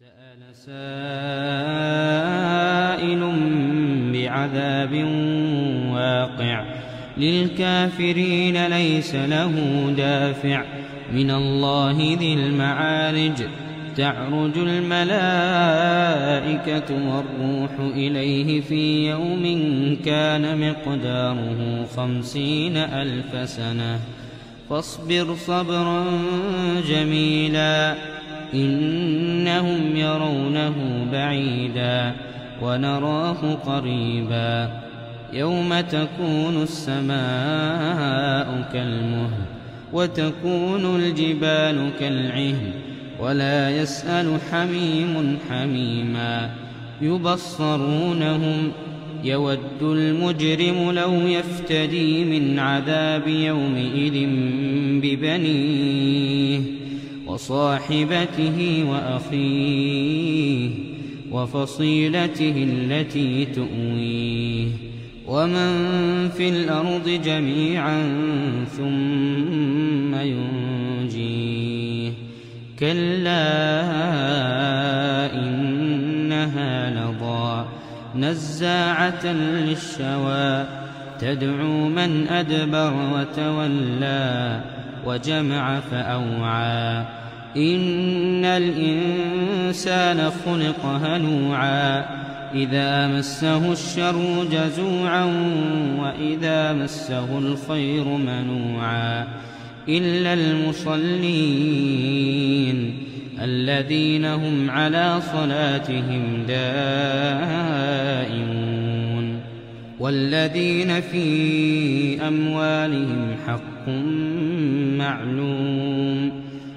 سأل سائل بعذاب واقع للكافرين ليس له دافع من الله ذي المعارج تعرج الملائكة والروح إليه في يوم كان مقداره خمسين ألف سنة فاصبر صبرا جميلا إنهم يرونه بعيدا ونراه قريبا يوم تكون السماء كالمهل وتكون الجبال كالعهن ولا يسأل حميم حميما يبصرونهم يود المجرم لو يفتدي من عذاب يومئذ ببنيه وصاحبته وأخيه وفصيلته التي تؤويه ومن في الأرض جميعا ثم ينجيه كلا إنها لضا نزاعة للشوى تدعو من أدبر وتولى وجمع فأوعى إن الإنسان خلق هلوعا إذا مسه الشر جزوعا وإذا مسه الخير منوعا إلا المصلين الذين هم على صلاتهم دائمون والذين في أموالهم حق معلوم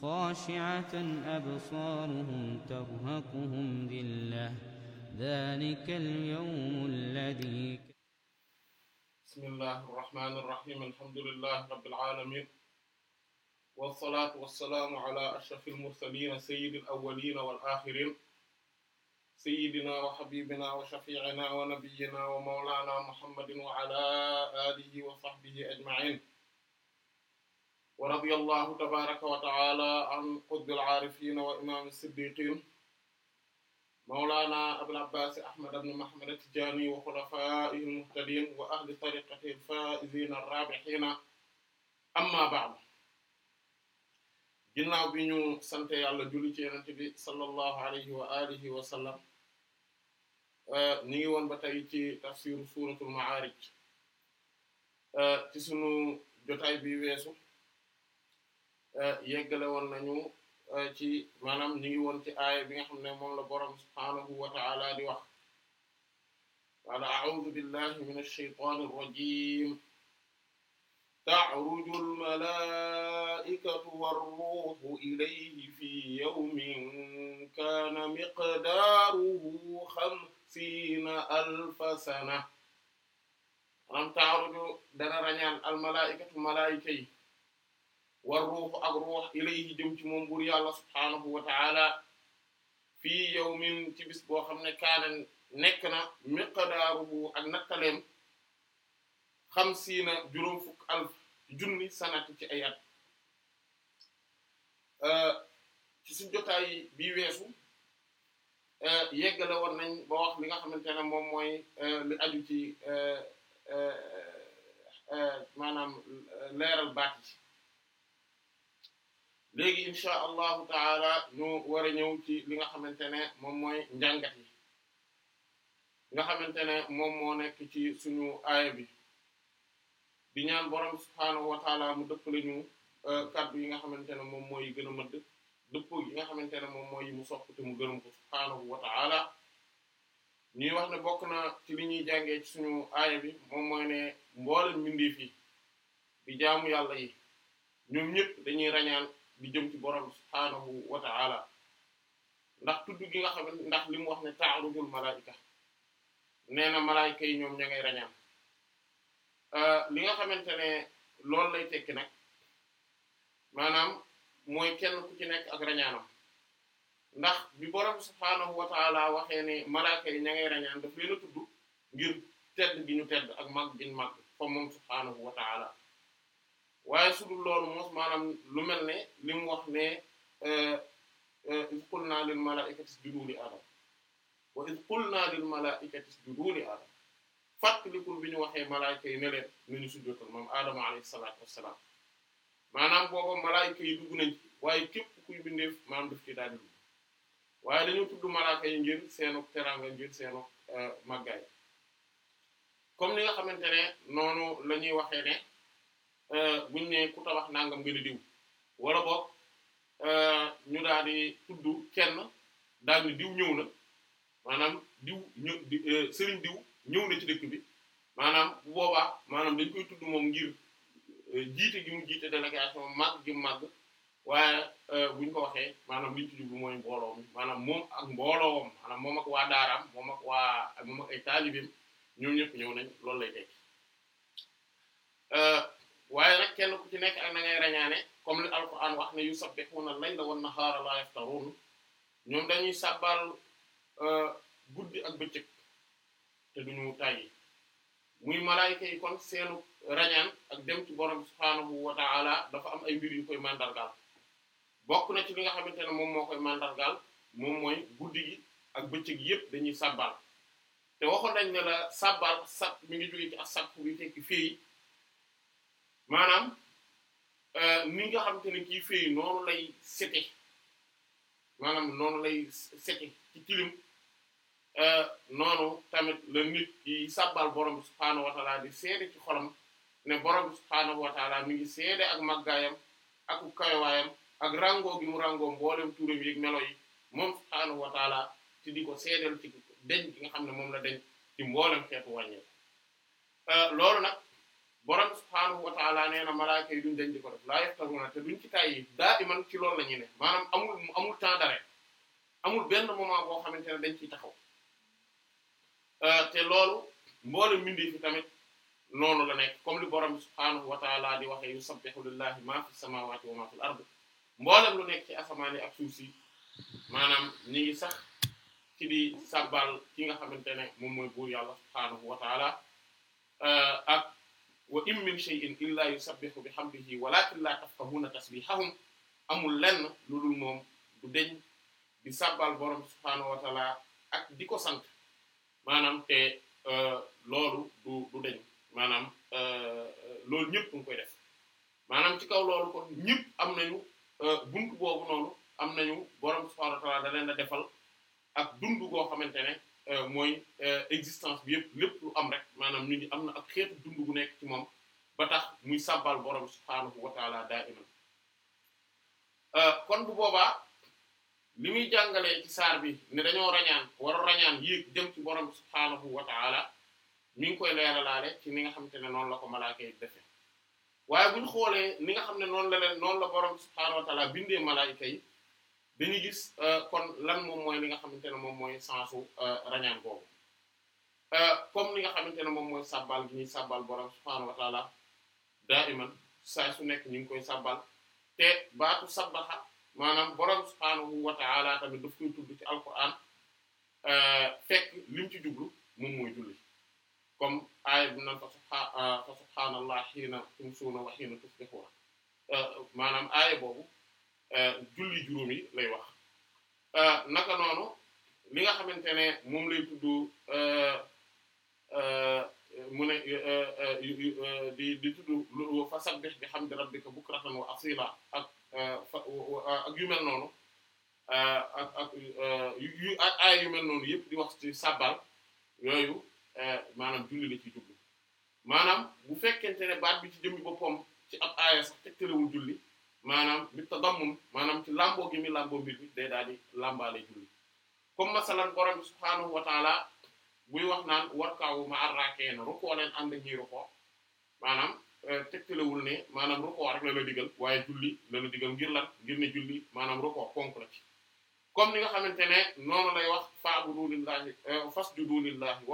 خاشعة أبصارهم ترهقهم ذلة ذلك اليوم الذي بسم الله الرحمن الرحيم الحمد لله رب العالمين والصلاة والسلام على أشرف المرسلين سيد الأولين والآخرين سيدنا وحبيبنا وشفيعنا ونبينا ومولانا محمد وعلى آله وصحبه أجمعين wa radiyallahu tabaraka wa taala an qutbil aarifin wa imam siddiqin mawlana abul abbas ahmad ibn muhammad at-tijani wa khulafaihi al-muhtadin wa ahli tariqatihi al-faizin ar-rabihina amma ba'du ginnaaw bi ñu sante yàlla julli ci yonent bi sallallahu alayhi wa alihi wa sallam eh, ñu ngi woon ba tey ci tafsiru suratul ma'arij eh, ci sunu jotaay bi weesu Eh, yeggale woon nañu eh, ci maanaam ñu ngi woon ci aaya bi nga xam ne moom la borom subhaanahu wa ta'ala di wax wala a'uudu billahi min ash-shaytaani ar-rajiim ta'ruju al-malaa'ikatu war-ruuhu ilayhi fi yawmin kaana miqdaaruhu xamsiina alfa sana maanaam ta'ruju dana rañaan al-malaa'ikatu malaa'ika yi war ruuxu ak ruux ilayhi jëm ci moom buur yàlla subhaanahu wa ta'ala yow yawmin ci bis boo xam ne kaana nekk na miqdaaruhu ak nattaleem xamsiina juróom fukk alf junni sanati ci ay at euh, ci suñ jotaay bi weesu euh, yeggale nañ ba wax li nga xamante moom mooy euh, li aju ci maanaam leeral baat yi léegi incha allahu taala ñu war a ñëw ci li nga xamante ne moom mooy njàngat yi nga xamante ne moom moo nekk ci suñu aaya bi di ñaan borom subhaanahu wa mu dëpp la ñu euh, kaddu yi nga xamante ne moom mooy gën a mëdd dëpp yi nga xamante ne moom mooy mu sopp te mu gërëm ko subhaanahu wa taala ñuy wax ne bokk na ci li ñuy jàngee ci suñu aaya bi moom mooy ne mboolem mbindeef yi di jaamu yàlla yi ñoom ñëpp dañuy rañaan di jëm ci borom subhaanahu wa ta'ala ndax tudd gi nga xam ndax li mu wax ne ta'arujul malaa'ika nee na malaa'ika yi ñoom ña ngay rañaan euh, li nga xamante ne loolu lay tekki nag maanaam mooy ken ku ci ak rañaanam ndax bi borom subhaanahu wa ta'ala waxee ne yi ña ngay rañaan daf leen tudd ngir tedd gi ñu tedd ak màgg gi ñu màgg moom subhaanahu wa waaye su loolu moos maanaam lu mel ne li mu wax ne euh, euh, naa leen lil malaa'ikati isjudu li aadam wa naa qulna lil malaa'ikati isjudu li aadam fàttalikul bi ñu waxee malaayka yi ne leen nu ñu sujjootal moom aadama alayhi salaatu wassalaam maanaam booba malaayka yi dugg nañ waaye képp kuy bindeef maanaam daf ci daal di dugg waaye dañoo tudd malaayka yi ngir seenu teraanga ngir seenu euh, màggaay comme ni nga xamante ne noonu la ñuy waxee ne Euh, buñ ne ku tabax nangam nga diw wala boog euh, ñu tudd kenn daal ni ñëw na maanaam diw ñëw euh, sëriñ diw ñëw ci dëkk bi maanaam bu boobaa maanaam dañ koy tudd moom ngir jiite gi mu jiite délégation màgg gi mu waaye buñ ko waxee maanaam liñ ci mooy mbooloom maanaam moom ak mbooloom maanaam moom ak waa daaraam moom ak waa moom ay taalibeem ñoom ñëw nañ loolu lay tekki waaye nag kenn ku ci nekk ak na ngay rañaane comme li alquran wax ne yusabbihuna al-layla wan-nahara la yaftarun ñoom dañuy sàbbal euh, guddi ak bëccëg te duñu tàyyi muy malaayika yi kon seenu rañaan ak dem ci borom subhaanahu wa ta'ala dafa am ay mbir yu koy màndargaal bokk na ci li nga xamante ne moom moo koy màndargaal moom mooy guddi gi ak bëccëg yépp dañuy sàbbal te waxoon nañ ne la sàbbal sàpp mi ngi jóge ci ak sàpp bi tekki fii maanaam euh, ni nga xamante ne kii fii noonu lay sete maanaam noonu lay sete tilim euh, noonu tamit la nit ki sabbal borom bi subhaanahu wa taala di seede ci xolam ne borom bi subhaanahu wa mi ngi seede ak màggaayam ak kayowaayam ak rangoo gi mu rangoo mboolem ak melo yi moom subhaanahu wa taala ci di ko seedeel ci deñ gi nga xam ne moom la deñ ci mboolem xeetu borom subhaanahu wa ta'ala nee na malaaka yi duñ dañ di ko def laa yaftaruna te duñ ci tàyyi daa iman ci loolu la ñu ne maanaam amul amul temps amul benn moment boo xamante ne dañ ciy taxaw euh, te loolu mboolem mbindee fi tamit noonu la nekk comme li borom subhaanahu wa ta'ala di waxee yusabbihu lillahi ma fi samawati wa ma fil mboolem lu nekk ci asamaan ak suuf si maanaam sax ci di sabbal ki nga xamante ne moom mooy buur subhaanahu wa ta'ala euh, wa in min shay'in illa yusabbihu bihamdihi walakin la tafqahuna tasbihahum amul lenn lu dul moom du deñ di sabbal borom subhaanahu wa ak di ko sant maanaam te euh, loolu du du deñ maanaam euh, euh, loolu ñëpp nga koy def maanaam ci kaw loolu kon ñëpp am nañu bunt boobu noonu am nañu borom subhaanahu wa ta'ala da leen a defal ak dund goo xamante ne Euh, mooy euh, existence bi yëpp lu am rek maanaam nit ñi am na ak xeetu dund gu nekk ci moom ba tax muy sàbbal borom subhaanahu wa taala daa iman euh, kon bu boobaa li muy jàngalee ci saar bi ne dañoo rañaan war a rañaan yéeg jëm ci borom subhaanahu wa taala mi ngi koy leeralaale ci ni nga xamante ne noonu la ko malaaka yi defe waaye bu ñu xoolee ni nga xam ne noonu la leen noonu la borom subhaanahu wa taala bindee malaayika yi dañuy gis euh, kon lan moom mooy li nga xamante ne moom mooy sensu euh, rañaan boobu euh, comme li nga xamante ne moom mooy sabbal gi ñuy sabbal borom subhaanahu wa taala daa iman saa su nekk ñu ngi koy sabal te baatu sabbaha maanaam borom subhaanahu wa taala tamit daf koy tudd ci alquran fekk limu ci jublu moom mooy julli comme aaya bi naan fa subhaanallah xiina tumsuuna wa xiina tusbixuuna maanaam aaya boobu Euh, julli juróom yi lay wax euh, naka noonu li nga xamante ne moom lay tudd euh, mu ne di di tudd fasabbih bihamdi rabbika bukratan wa asila ak ak yu mel noonu ak ak yu ay yu mel noonu yëpp di wax ci sabbal yooyu maanaam julli la ci jublu maanaam bu fekkente ne baat bi ci jëmmi boppam ci ab aaya sax tegtalewul julli maanaam bi tadammum maanaam ci làmboo gi mi làmboo mbir mi day daal julli comme masalan borom bi wa taala buy wax naan warkaawu ma arrakeena rukoo leen ànd ak ñiy rukoo maanaam euh, tegtalewul ne maanaam rukoo rek la la digal julli la la digal ngir lan ngir ne julli maanaam rukoo la ci comme ni nga xamante ne noonu lay wax fa'budu lillahi euh, fasjudu lillahi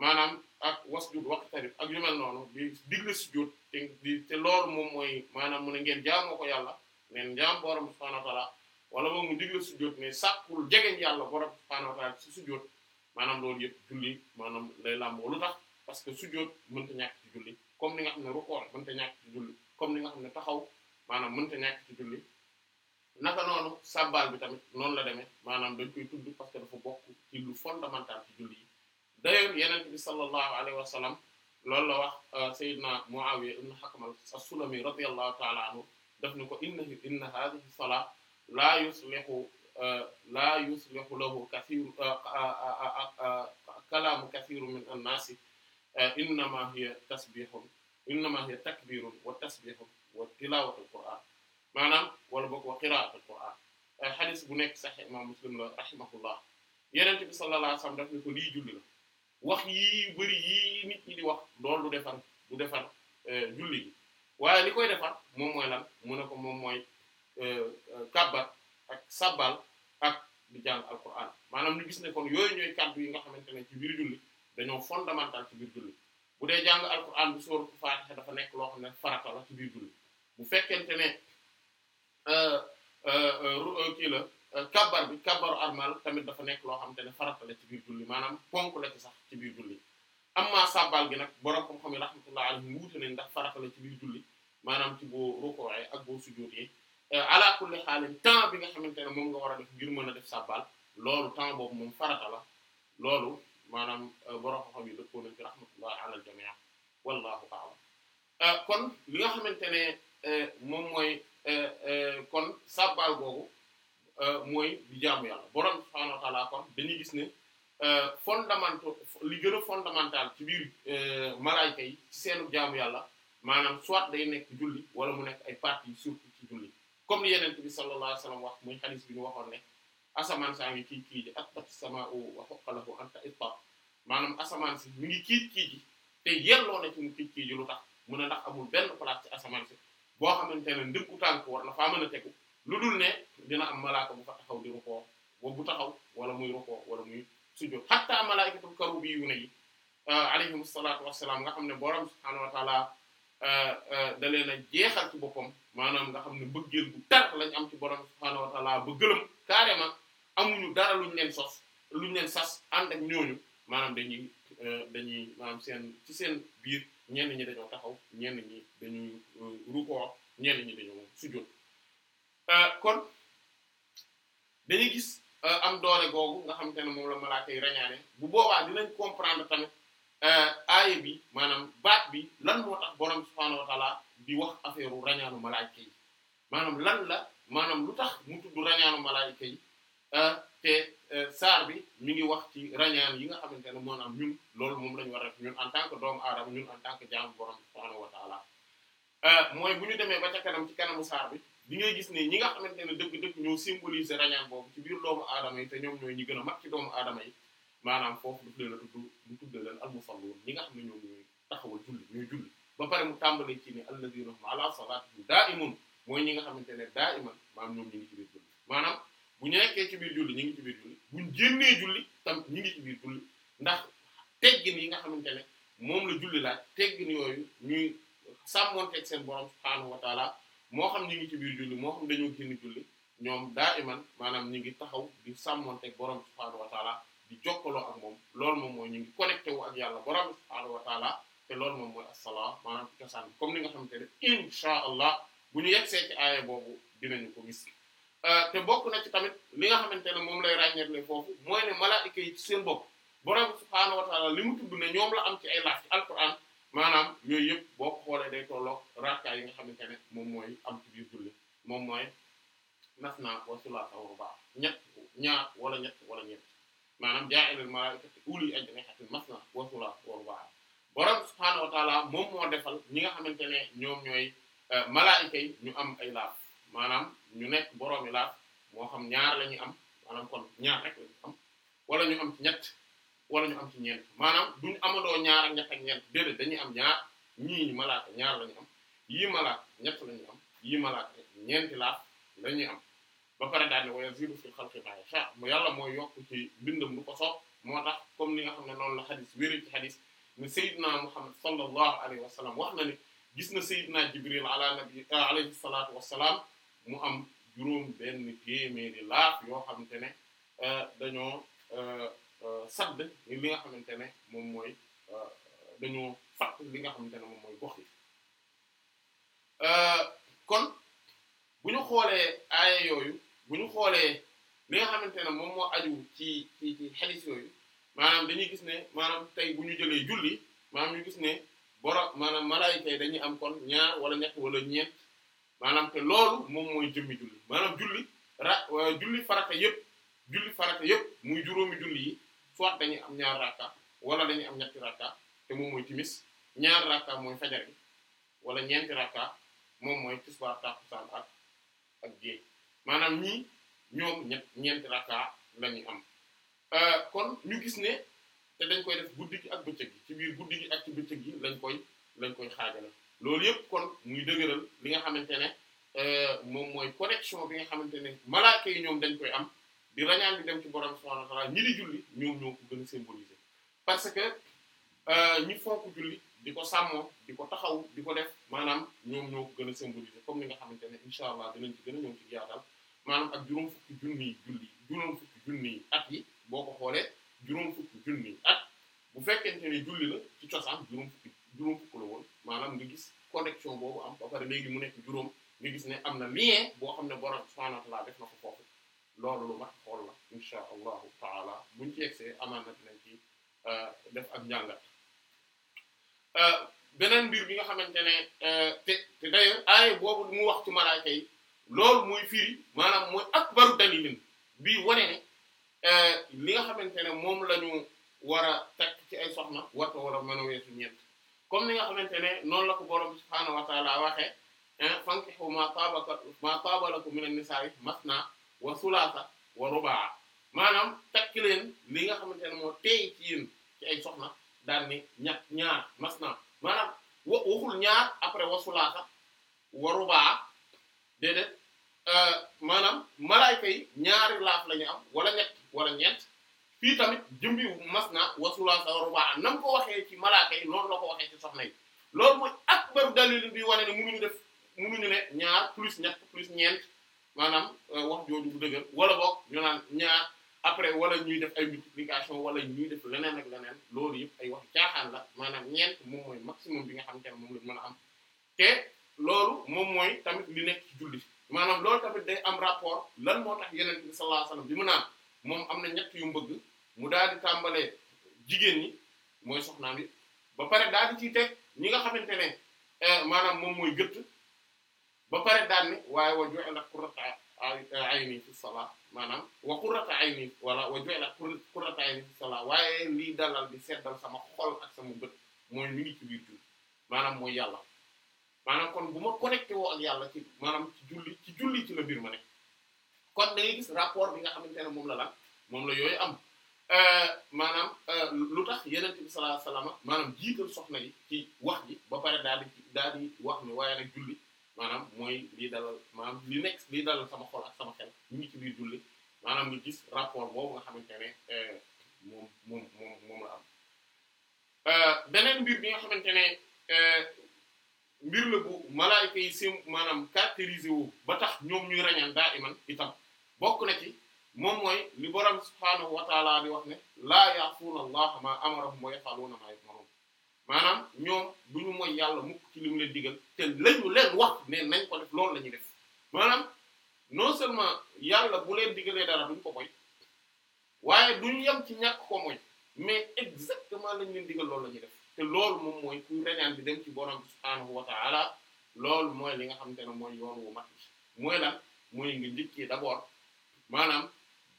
maanaam ak wasjud waqtarib ak yu mel noonu di digle sujud te te moom mooy maanaam mu ne ngeen jaamoo ko yàlla ngeen jaam borom subhaanahu wa ta'ala wala moom mu digle sujud ne sàkkul jegeñ yàlla borom subhaanahu wa ta'ala ci sujud maanaam loolu yëpp julli maanaam lay làmboo tax parce que sujud mënta ñàkk ci julli comme ni nga xam ne rukkoo mënta ñàkk ci julli comme ni nga xam ne taxaw maanaam mënta ñàkk ci julli naka noonu bi tamit noonu la demee maanaam dañ koy parce que dafa bokk ci lu d'ailleurs yeneen bi sallallahu alayhi wa sallam loolu la wax euh, Seydina Muawiya ibn Hakam as-Sulami radiyallahu ta'ala anhu daf ni ko inna inna hadhihi as-salat la yuslihu euh, la yuslihu lahu kathiru euh, kalamu kathiru min an-nas innama hiya tasbihun innama hiya takbirun wa tasbihun wa tilawatul qur'an maanaam wala boog wa qira'atul qur'an xadis bu nekk sax imam Muslim la rahimahullah yeneen bi sallallahu alayhi wa sallam daf ni ko lii julli la wax yii yu bari yii nit ñi di wax loolu du defar lu defar euh, julli gi waaye li koy defar moom mooy lan mu ne ko moom mooy euh, euh, kàbbar ak sabbal ak di jàng alquran maanaam lu gis ne kon yooyu ñooy kàddu yi nga xamante ne ci biir julli dañoo fondamental ci biir julli bu dee jàng alquran bu sóoratu Faatiha dafa nekk loo xam ne farata la ci biir julli bu fekkente ne kii la Euh, kabbar bi kabbaru armal tamit dafa nekk loo xamante ne farata la ci biir julli maanaam ponk la ci sax ci biir julli amma sabbal gi nag xam-xam yi rahmatullah alayhim wuute nañ ndax farata maanaam ci boo rukkooee ak boo sujjóotee euh, ala kulli xaalin temps bi nga xamante ne moom nga war a def ngir mën a def sabbal loolu temps boobu moom farata la loolu maanaam euh, borom xam-xam yi dëppoo nañ ci rahmatullah ala al jamia wallahu a'lam kon li nga xamante ne moom mooy kon sabbal googu Euh, mooy di jaamu yàlla borom subhaanahu wa ta'aala kon dañuy gis ne euh, fondamental li gën a fondamental ci biir euh, malaayka yi ci seenu jaamu yàlla maanaam soit day nekk julli wala mu nekk ay parties surtout ci julli comme li yeneen bi sallallahu alayhi wa sallam wax muy hadith bi ñu waxoon ne asamaan saa ngi kiij kiiji ak ak sama wa xoqalahu anta itta maanaam asamaan si mi ngi kiij kiiji te yelloo na ci mu kiij kiiji lu tax mu ne ndax amul benn place ci asamaan si boo xamante ne ndëkku tànk war na faa mën a tegu lu dul ne dina am malaaka bu fa taxaw di rukoo wa bu taxaw wala muy rukoo wala muy sujjóot xatta malaa'ikatul karubiyuuna yi uh, alayhim salaatu wassalaam nga xam ne borom subhaanahu wa taala uh, uh, da leen a jeexal boppam maanaam nga xam ne bëggeel bu tar lañ am ci borom subhaanahu wa taala ba gëlëm carrément amuñu dara luñ leen sos luñ leen sas ànd ak ñooñu maanaam dañuy dañuy maanaam seen ci seen biir ñenn ñi dañoo taxaw ñenn ñi dañuy rukoo ñenn ñi dañoo sujjóot Euh, kon dañuy gis euh, am doole boobu nga xamante ne moom la malaaka rañaane bu boobaa dinañ comprendre tamit euh, aaye bi maanaam baat bi lan moo tax borom subhaanahu wa di wax affaire u rañaanu malaaka yi maanaam lan la maanaam lu tax mu tudd rañaanu malaaka yi te saar bi mi ngi wax ci rañaan yi nga xamante ne maanaam ñun loolu moom la ñu war a ñun en tant que doom aadama ñun en tant que jaamu borom subhaanahu wa mooy bu ñu demee ba ca kanam ci kanamu saar bi li ngay gis ne ñi nga xamante ne dëgg-dëgg ñoo symboliser rañaan boobu ci biir doomu aadama yi te ñoom ñooy ñi gën a mag ci doomu aadama yi maanaam foofu daf leen a tudd mu tudde nga xam ne ñoom ñooy taxawal julli ñooy julli ba pare mu tàmbale ci ne alladina hum ala salatihim daa'imun mooy ñi nga xamante ne daa'iman maanaam ñoom ñi ngi ci biir julli maanaam bu ñu nekkee ci biir julli ñi ngi ci biir julli buñ génnee julli tam ñi ngi ci julli ndax teggin yi nga xamante ne moom la julli laa teggin yooyu ñuy sàmmoonteeg seen borom subhaanahu wa moo xam ñi ngi ci biir julli moo xam dañoo génn julli ñoom daa iman maanaam ñi ngi taxaw di sàmmonteeg borom subhaanahu wa taala di ak moom loolu moom mooy ñu ngi connecté ak yàlla borom subhaanahu wa taala te loolu moom mooy assalaa maanaam ci comme ni nga xamante ne inchaa allah bu ñu yegsee ci aaya boobu dinañu ko gis euh, te bokk na ci tamit li nga xamante ne moom lay ràññeetle foofu mooy ne malaayika yi ci seen bopp borom subhaanahu wa li mu tudd ne ñoom la am ci ay laaj ci alquran maanaam yooyu yëpp boo ko xoolee day tolloog rakka yi nga xamante ne moom mooy am ci julli moom mooy nas naa wa sulaasa wa rubaa ñett ñaar wala ñett wala ñett maanaam jaa'ilul malaa'ikati ulii ajnihatin masnaa wa sulaasa wa rubaa borom subhaanahu defal ñi nga xamante ne ñoom ñooy euh, malaayika yi ñu am ay laaf maanaam ñu nekk boroomi laaf moo xam ñaar la ñuy am maanaam kon ñaar rek la am wala ñu am ñett. wala ñu am ci ñeent maanaam duñ amadoo ñaar ak ñett ak ñeent déedéet dañuy am ñaar ñii ñu ñaar la ñu am yii malaaka ñett la ñu am yii malaaka ñeenti laaf la ñuy am ba pare daal ne wa yaziidu fil xalqi maa yashaa mu yàlla mooy yokk ci bindam lu ko soob moo tax comme ni nga xam ne noonu la xadis wéri ci xadis ne Seydina Muhammad sallallahu alayhi wa sallam wax na ne gis na Seydina Jibril ala nabi eh, alayhi salaatu wa salaam mu am juróom benn téeméeri laaf yoo xamante ne eh, dañoo eh, Euh, sadd mi nga xamante ne moom mooy euh, dañoo fàtt li nga xamante ne moom mooy gox yi euh, kon bu ñu xoolee aaya yooyu bu ñu xoolee li nga xamante ne moom moo aju ci ci ci yooyu maanaam dañuy gis ne maanaam tey bu ñu jëlee julli maanaam ñu gis ne boro maanaam malaayika yi dañuy am kon ñaar wala ñett wala ñeent maanaam te loolu moom mooy jëmmi julli maanaam julli ra julli farata yépp julli farata yépp muy juróomi julli yi soit dañuy am ñaar rakka wala dañuy am ñetti rakka te moom mooy timis ñaar rakka mooy fajar gi wala ñeenti rakka moom mooy tisbaar takkusaan ak ak géej maanaam ñii ñoom ñett ñeenti rakka la ñu am euh, kon ñu gis ne te dañ koy def guddi gi ak bëccëg gi ci biir guddi gi ak ci bëccëg gi lañ koy lañ koy xaajale loolu yëpp kon muy dëgëral li nga xamante ne euh, moom mooy connexion bi nga xamante ne malaaka yi ñoom dañ koy am di rañaan bi dem ci borom subhanahu wa ta'ala ñi di julli ñoom ñoo ko gën a symboliser parce que euh, ñi fonk julli di ko sàmmoo di ko taxaw di ko def maanaam ñoom ñoo ko gën a symboliser comme ni nga xamante ne incha allah dinañ ci gën a ñëw ci yaatal maanaam ak juróom fukki junni yi julli boo ko xoolee juróom fukki junni yi at bu fekkente ne julli la ci cosaan juróom fukki juróom fukki la woon maanaam nga gis connexion boobu am ba pare léegi mu nekk juróom nga gis ne am na lien boo xam ne borom subhanahu wa ta'ala def na ko foofu loolu lu mat xool la insha allahu taala buñ ci yegsee amaan na dinañ ci euh, def ak njàngat euh, beneen mbir bi nga xamante ne euh, te te d'ailleurs aaya boobu mu wax ci malaaka yi loolu mooy firi maanaam mooy akbaru dalilin bii wane ne li nga xamante ne moom la ñu war a takk ci ay soxna warta war a mën a weesu ñett comme ni nga xamante ne noonu la ko borom subhaanahu wa taala waxee fankihu ma taaba lakum mina nisaa'i masna wa sulaasa wa rubaa maanaam takk li nga xamante ne moo teey ci yéen ci ay soxna daal ni ñett ñaar masna maanaam wa waxul ñaar après wa sulaasa wa rubaa euh, maanaam malaayka yi ñaari laaf lañu am wala ñett wala ñeent fii tamit jëmbi masna wa sulaasa wa nam ko waxee ci malaayka yi noonu la ko waxee ci soxna yi loolu mooy akbaru dalil bi wane ne mënuñu def mënuñu ne ñaar plus ñett plus ñeent maanaam euh, wax jooju bu dëgër wala boog ñu naan ñaar après wala ñuy def ay multiplication wala ñuy def leneen ak leneen loolu yëpp ay wax caaxaan la maanaam ñeent moom mooy maximum bi nga xam te ne moom la mën a am loolu moom mooy tamit li nekk ci maanaam loolu tamit day am rapport lan moo tax yeneen bi sallallahu bi mu naan moom am na ñett yu mbëgg mu daal di tàmbalee jigéen ñi mooy soxnaam yi ba pare daal di ciy teg ñi nga xamante ne euh, maanaam moom mooy gët ba pare daan ne waaye wa ju'ila qurratu ayni fi salat maanaam wa qurratu ayni wala wa ju'ila qurratu ayni fi salat waaye lii dalal bi seddal sama xol ak sama bët mooy mi ngi ci biir julli maanaam mooy yàlla maanaam kon bu ma connecté woo ak yàlla ci maanaam ci julli ci julli ci la biir ma nekk kon da gis rapport bi nga xamante ne moom la lan moom la yooyu am euh, maanaam euh, lu tax yeneen bi sallallahu alayhi wasallam maanaam jiital soxna yi ci wax ji ba pare daal di daal di wax ni maanaam mooy lii dalal maanaam li nekk lii dalal sama xol ak sama xel ñu ngi ci biir julli maanaam nga gis rapport boobu nga xamante ne euh, moom moom moom moom la am euh, beneen mbir bi nga xamante ne euh, mbir la bu malaayka yi sim maanaam caractériser wu ba tax ñoom ñuy rañaan daa iman itam bokk na ci moom mooy li borom subhaanahu wa taala wax ne laa ya'suuna allaha ma amarahum wa yaf'aluuna ma maanaam ñoom du ñu mooy yàlla mukk ci li leen digal te lañu leen wax ne nañ ko def loolu la ñuy def maanaam non seulement yàlla bu leen digalee dara duñ ko moy waaye duñu yem ci ñàkk ko moy mais exactement lañ leen digal loolu la ñuy def te loolu moom mooy kuy reñaan bi dem ci borom subhaanahu wa ta'ala loolu mooy li nga xam xamante ne mooy yoon wu mat bi mooy lan mooy nga njëkkee d'abord maanaam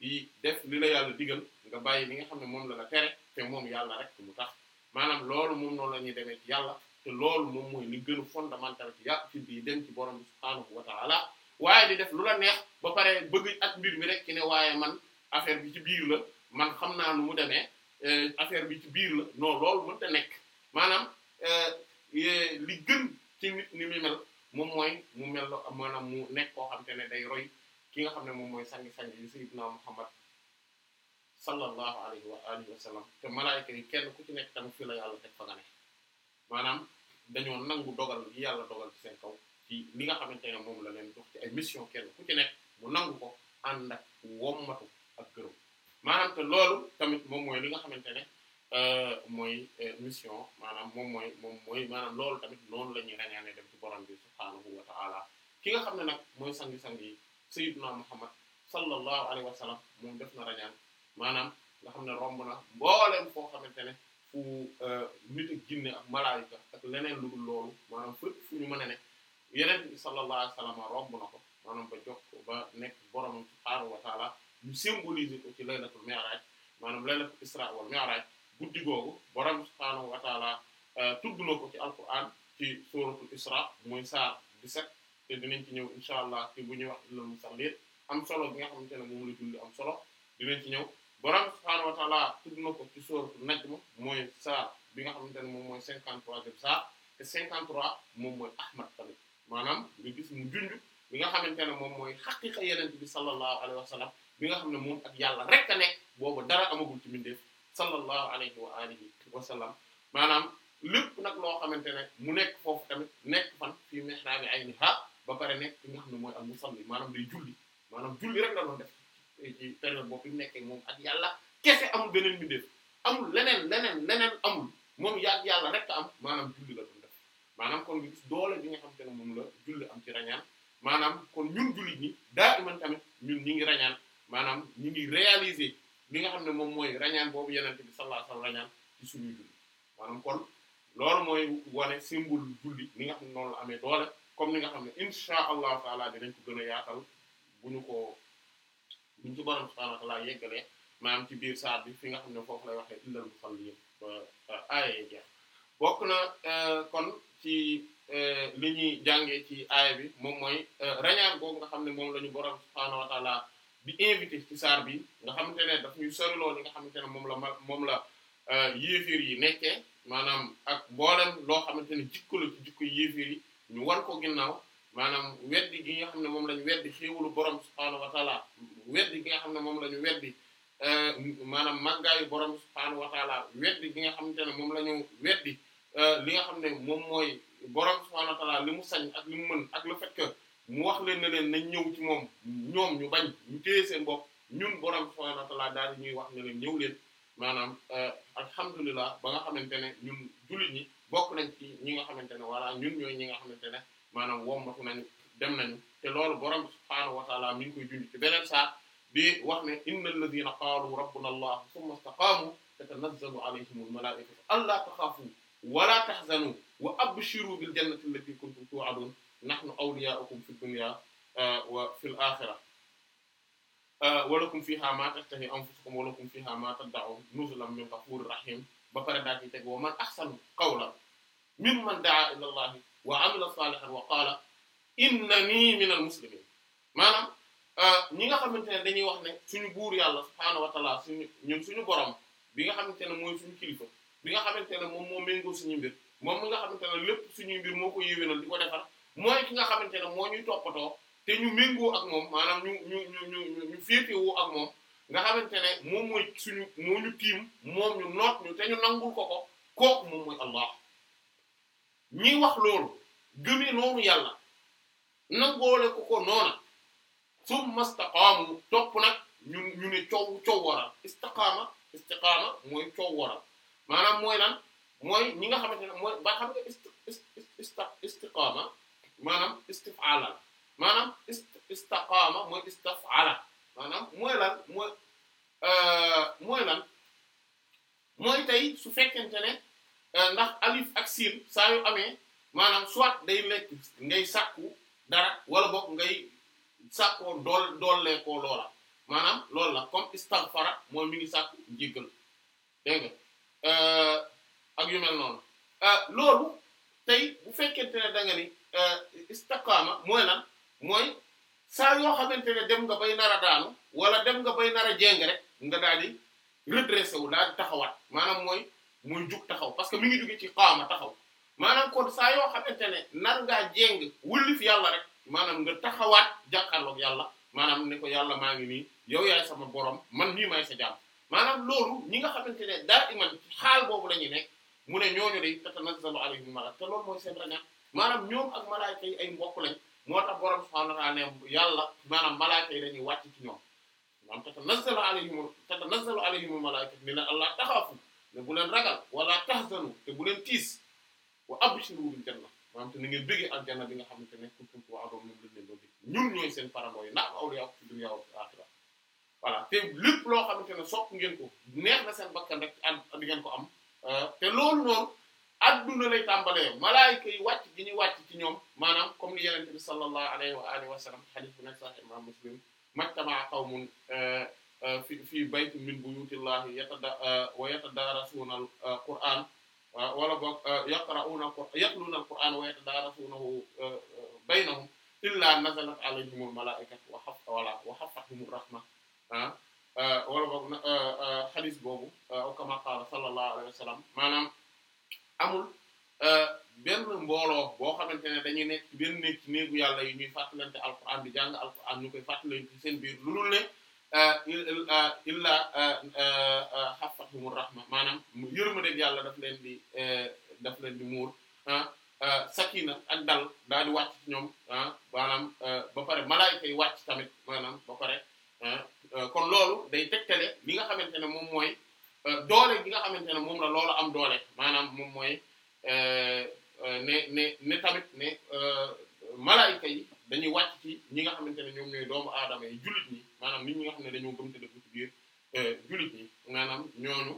di def li la yàlla digal nga bàyyi li nga xam ne moom la la tere te moom yàlla rek mu tax maanaam loolu moom noonu la ñuy demee yàlla te loolu moom mooy li gën a fondamental ci yàlla ci biir dem ci borom bi subhaanahu wa waaye di def lu la neex ba pare bëgg ak mbir mi rek ki ne waaye man affaire bi ci biir la man xam naa nu mu demee euh, affaire bi ci biir la non loolu mënta nekk maanaam euh, euh, li gën ci ni mu mel moom mooy mu mel maanaam mu nekk koo xam te ne day roy ki nga xam ne moom mooy sangi-sangi yi sayyidina Muhammad sallallahu alayhi wa alihi wa sallam te malaayika yi kenn ku ci nekk tamit fii la yàlla teg fa nga ne maanaam dañoo nangu dogal yi yàlla dogal ci seen kaw ci li nga xamante ne moom la leen dox ci ay mission kenn ku ci nekk mu nangu ko ànd ak wommatu ak gërëm maanaam te loolu tamit moom mooy li nga xamante ne euh, mooy euh, mission maanaam moom mooy moom mooy maanaam loolu tamit loolu la ñuy rañaane dem ci borom bi subhaanahu wa ta'ala ki nga xam ne nag mooy sangi-sang yi sayyiduna muhammad sallallahu alayhi wa moom def na rañaan maanaam nga xam ne romb na boo mbooleem foo xamante ne fu euh, nit ak jinne ak malaayika ak leneen lu dul loolu maanaam fépp fu ñu mën ne yeneen bi sallallahu alayhi wa sallam romb na ko maanaam ba jox ko ba nekk boromam subhaanahu wa taala ñu symboliser ko ci laylatul mi'raj maanaam laylatul isra wal mi'raj guddi googu borom subhaanahu wa taala euh, tudd na ko ci alquran ci suratul isra mooy saar 17 te dinañ ci ñëw incha allah ci bu ñuy wax illal musalliin am solo bi nga xamante ne moom la am solo dinañ ci ñëw borom subhaanahu wa taala tudd na ko ci sourate Najm mooy saar bi nga xamante ne moom mooy cinquante troisième saar te cinquante trois moom mooy Ahmad tamit maanaam nga gis mu junj bi nga xamante ne moom mooy xaqiqa yeneen bi sallallahu alayhi wa sallam bi nga xam ne moom ak yàlla rek a nekk boobu dara amagul ci mbindeef sallallahu alayhi wa alihi wa sallam maanaam lépp nag loo xamante ne mu nekk foofu tamit nekk fan fii mihraabi ayniha ba pare nekk fi nga xam ne mooy al musalli maanaam day julli rek la def ci période boobu bi nekkee moom ak yàlla kese amul beneen mbindeef amul leneen leneen leneen amul moom yàgg yàlla rek am maanaam julli la doon def maanaam kon gis doole bi nga xam te ne moom la am ci rañaan maanaam kon ñun jullit ñi daa iman tamit ñun ñi ngi rañaan maanaam ñi ngi réaliser li nga xam ne moom mooy rañaan boobu yeneen bi sallallahu alayhi wasallam rañaan ci suñuy julli maanaam kon loolu mooy wane symbole julli li nga xam ne noonu la amee doole comme ni nga xam ne insha allahu taala dinañ ko gën a yaatal bu ñu ko buñu ci borom subhaanahu wa ta'aala yeggalee maanaam ci biir saar bi fi nga xam ne foofu lay waxee illal musalliin aaya yi jeex na euh, kon ci euh, li ñuy jàngee ci aaya bi moom mooy euh, rañaan googu nga xam ne moom la ñu borom subhaanahu wa bi invité ci saar bi nga xam xamante ne daf ñuy soriloo li nga xamante ne moom la ma moom la yéeféer yi nekkee maanaam ak mboolem loo xamante ne jikko la ci jikko yéeféer yi ñu war ko ginnaaw maanaam weddi gi nga xam ne moom lañu weddi xéewalu borom subhaanahu wa taala weddi gi nga xam ne moom lañu weddi euh, maanaam màggaayu borom subhaanahu wa taala weddi gi nga xamante ne moom lañu weddi euh, li nga xam ne moom mooy borom subhaanahu wa taala li mu sañ ak li mu mën ak lu fait que mu wax leen ne leen nañ ñëw ci moom ñoom ñu bañ ñu téye mbok ñun borom subhaanahu wa taala daal di ñuy wax ne leen ñëw leen maanaam euh, alhamdulilah ba nga xamante ne ñun jullit ñi bokk nañ ci ñi nga xamante ne wala ñun ñooy ñi nga xamante ne. maanaam wommatu nañu dem nañu te loolu borom subhaanahu wa taala mi ngi koy junj ci beneen saar di wax ne inna alladina qaalu rabbuna allah summa istaqaamu tatanazzalu alayhim almalaa'ikatu allaa taxaafu wala tahzanu wa abshiru bil jannati allati kuntum tu'adun nahnu awliyaa'ukum fi dunya uh, wa fil aaxira uh, walakum fiha ma tahtahi anfusukum walakum fiha ma tad'un nuzulan min ghafurir rahim ba pare daal di teg wa man ahsanu qawlan mimman da'a ila allahi wa amila salihan wa qaala innani minal muslimin maanaam euh, ñi nga xamante ne dañuy wax ne suñu buur yàlla subhaanahu wa taala su ñun suñu borom bi nga xamante ne mooy suñu kilifa bi nga xamante ne moom moo méngoo suñuy mbir moom nga xamante ne lépp suñuy mbir moo ko yéwénal di ko mooy ki nga xamante ne moo ñuy toppatoo te ñu méngoo moom maanaam ñu ñu ñu ñu ñu féetewoo ak moom nga xamante ne moom mooy suñu moo ñu tiim moom ñu noot ñu te ñu nangul ko ko kooku moom mooy Allah ñuy wax loolu gëmee noonu yàlla nangoole ko ko noona summa staqaamu topp nag ñu ñu ne coow coow waral istiqaama istiqaama mooy coow waral maanaam mooy lan mooy ñi nga xamante ne mooy ba xam nga ista maanaam istifala maanaam istaqaama mooy istafala maanaam mooy lan mooy euh, mooy lan mooy tey su fekkente ne Euh, ndax alif ak siin saa yu amee maanaam soit day nekk ngay sàkku dara wala bokk ngay sàkkoo dool doollee koo loola maanaam loolu la comme istaghfara mooy mi ngi sàkku njéggal dégg euh, ak yu mel noonu euh, loolu tey bu fekkeente ne da nga ni istaqaama mooy lan mooy saa yoo xamante ne dem nga bay nar a daanu wala dem nga bay nar a jéng rek nga daal di redressé wu daal di taxawaat maanaam mooy muy jug taxaw parce que mi ngi jóge ci xaama taxaw maanaam kon saa yoo xamante ne nar ngaa jéng wulif yàlla rek maanaam nga taxawaat jàkkaarloog yàlla maanaam ne ko yàlla maa ngi nii yow yaay sama borom man nii maay sa jaam maanaam loolu ñi nga xamante ne daa iman xaal boobu la nekk mu ne ñooñu day tatanazzalu alayhim malaaka te loolu mooy seen rañaan maanaam ñoom ak malaayka yi ay mbokk lañ moo tax borom subhaanahu wa ta'aala ne yàlla maanaam malaayka yi dañuy wàcc ci ñoom maanaam tatanazzalu alayhim tatanazzalu alayhim malaayka ne taxaw allah taxaafu ne bu leen ragal wala tahzanu te bu leen tiis wa abshiru bil janna maanaam te na ngeen bëggee aljanna bi nga xamante ne kuntum tu'adun moom lañ leen doon dégg ñun ñooy seen parandoo yi ndax awliya fi dunya wa lépp loo xamante ne sopp ngeen ko neex na seen bakkan rek di ngeen ko am euh, te loolu noonu adduna lay tàmbalee malaayika yi wàcc gi ñuy wàcc ci ñoom maanaam comme li yenente bi sallallahu alayhi wa alihi wa sallam hadith bu nekk sax imam muslim majtama'a qawmun euh, Euh, fi fii baytin min buyutillahi yatada euh, wa yatadarasuna al-Qur'an euh, wala boog yaqra'una al-Qur'an yatluna al-Qur'an wa yatadarasunahu baynahum illa nazalat alayhim wa haffa wala wa haffathumu rahma ah wala boog xadis boobu aw kama qaala sallallahu alayhi wa sallam amul benn mbooloo boo xamante ne dañuy ne benn néeg ci néegu yàlla yi ñuy fàttalante alquran di jàng alquran ñu seen biir lu dul illa haffatuhumur rahma maanaam yërma deg yàlla daf leen di daf leen di muur ah, ah, sakina ak dal daal di wàcc ci ñoom ah, maanaam ba pare malaayika yi wàcc tamit maanaam ba pare kon loolu day tegtale li nga xamante ne moom mooy doole gi nga xamante ne moom la loolu am doole maanaam moom mooy eh, eh, ne ne ne tamit ne malaayika yi dañuy wàcc ci ñi nga xamante ne ñoom ñooy doomu aadama yi jullit ñi maanaam nit ñi nga xam ne dañoo gëm te dëgg ci biir euh, jullit ñi maanaam ñooñu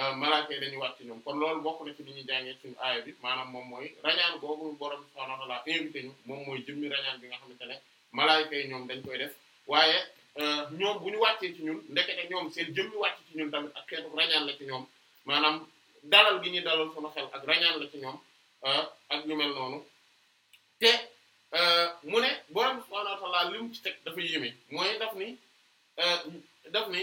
euh, malaaka yi dañuy wàcc ñoom kon loolu bokk na ci li ñuy jàngee suñu aaya bi maanaam moom mooy rañaan boobu borom subhaanahu wa moom mooy jëmmi rañaan bi nga xamante ne malaaka yi ñoom dañ koy def waaye euh, ñoom bu ñu wàccee ci ñun ndekete ñoom seen jëmmi wàcc ci ñun ak xeetu rañaan la ci ñoom maanaam dalal gi ñuy dalal sama xel ak rañaan la ci ñoom ak ñu mel noonu te mu ne borom subhaanahu wa ta'ala li mu ci teg dafa yéeme mooy daf ni Euh, daf ne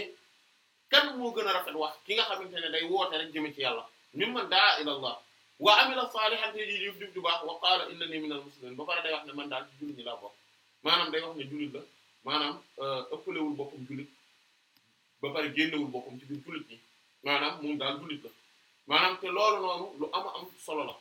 kan moo gën a rafet wax ki nga xamante ne day woote rek jëme ci yàlla mimman daa ila allah wa amila saalihan te ji jëf jëf ju baax wa qaala innani minal ba pare day wax ne man daal ci jullit ñi laa bokk maanaam day wax ne jullit la maanaam euh, ëppalewul boppam jullit ba pare génnewul boppam ci biir jullit ñi maanaam moom daal jullit la maanaam te loolu noonu lu ama am solo la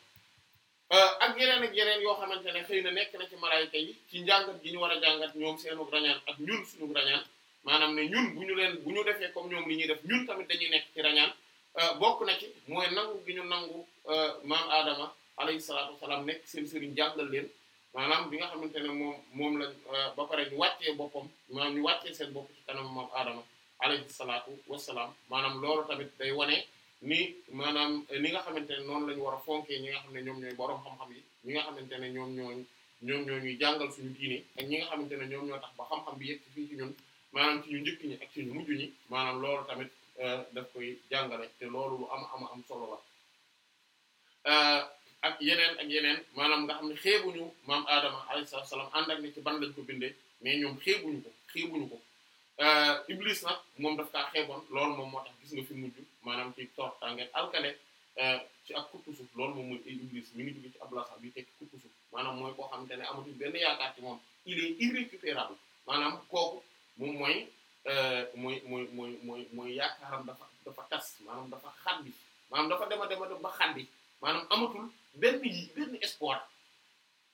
euh, ak yeneen ak yeneen yoo xamante ne xëy na nekk na ci malaayika yi ci njàngat gi ñu war a jàngat ñoom seenu rañaan ak ñun suñu maanaam ne ñun bu ñu leen bu ñu defee comme ñoom li ñuy def ñun tamit dañuy nekk ci rañaan euh, bokk na ci mooy nangu gi ñu nangu euh, maam Adama alayhi salaatu wasalaam nekk seen sëriñ jàngal leen maanaam bi nga xamante ne moom moom lañ euh, ba pare ñu wàccee boppam maanaam ñu wàccee seen bopp ci kanam maam Adama alayhi salaatu wasalaam maanaam loolu tamit day wane ni maanaam ni nga xamante ne noonu lañu ñu war fonkee ñi nga xam ne ñoom ñooy borom xam-xam ñi nga xamante ne ñoom ñooñu ñoom ñoo ñuy jàngal suñu diine ak ñi nga xamante ne ñoom ñoo tax ba xam-xam bi yëpp fii ci ñun maanaam ci ñu njëkk ñi ak ci ñu mujj ñi maanaam loolu tamit euh, daf koy jàngale te loolu lu am am am solo la euh, ak yeneen ak yeneen maanaam nga xam ne xeebuñu maam Adama alayhi salaam ànd ak ne ci ban lañ ko bindee mais ñoom xeebuñu ko xeebuñu ko euh, Iblis nag moom daf kaa xeeboon lool moom moo tax gis nga fi mujj maanaam ci tortange alkane ci ak kuttusu loolu moom mooy Iblis mi ngi jóge ci ablasa bi tekki kuttusu maanaam mooy koo xamante ne amatul benn yaakaar ci moom il est irrécupérable maanaam kooku. moom mooy euh, mooy mooy mooy mooy mooy yaakaaram dafa dafa tas maanaam dafa xandi maanaam dafa dema dema dem ba xandi maanaam amatul benn yi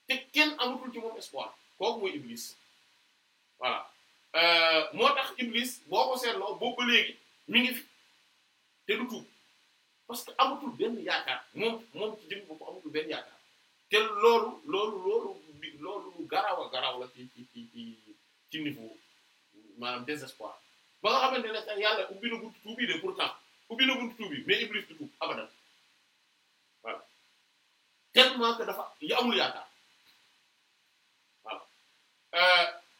te kenn amatul ci moom espoir kooku mooy iblis voilà euh, moo tax iblis boo ko seetloo boobu léegi mi ngi fi te du tuub parce que amatul benn yaakaar moom moom ci jëm bopp amatul benn yaakaar te loolu loolu loolu lu garaaw a garaaw la ci ci ci ci niveau maanaam désespoir ba nga xamante ne sax yàlla ubbi na buntu tuubi de pourtant ubbi na buntu tuubi mais iblis du tuub abadan voilà tellement que dafa yaakaar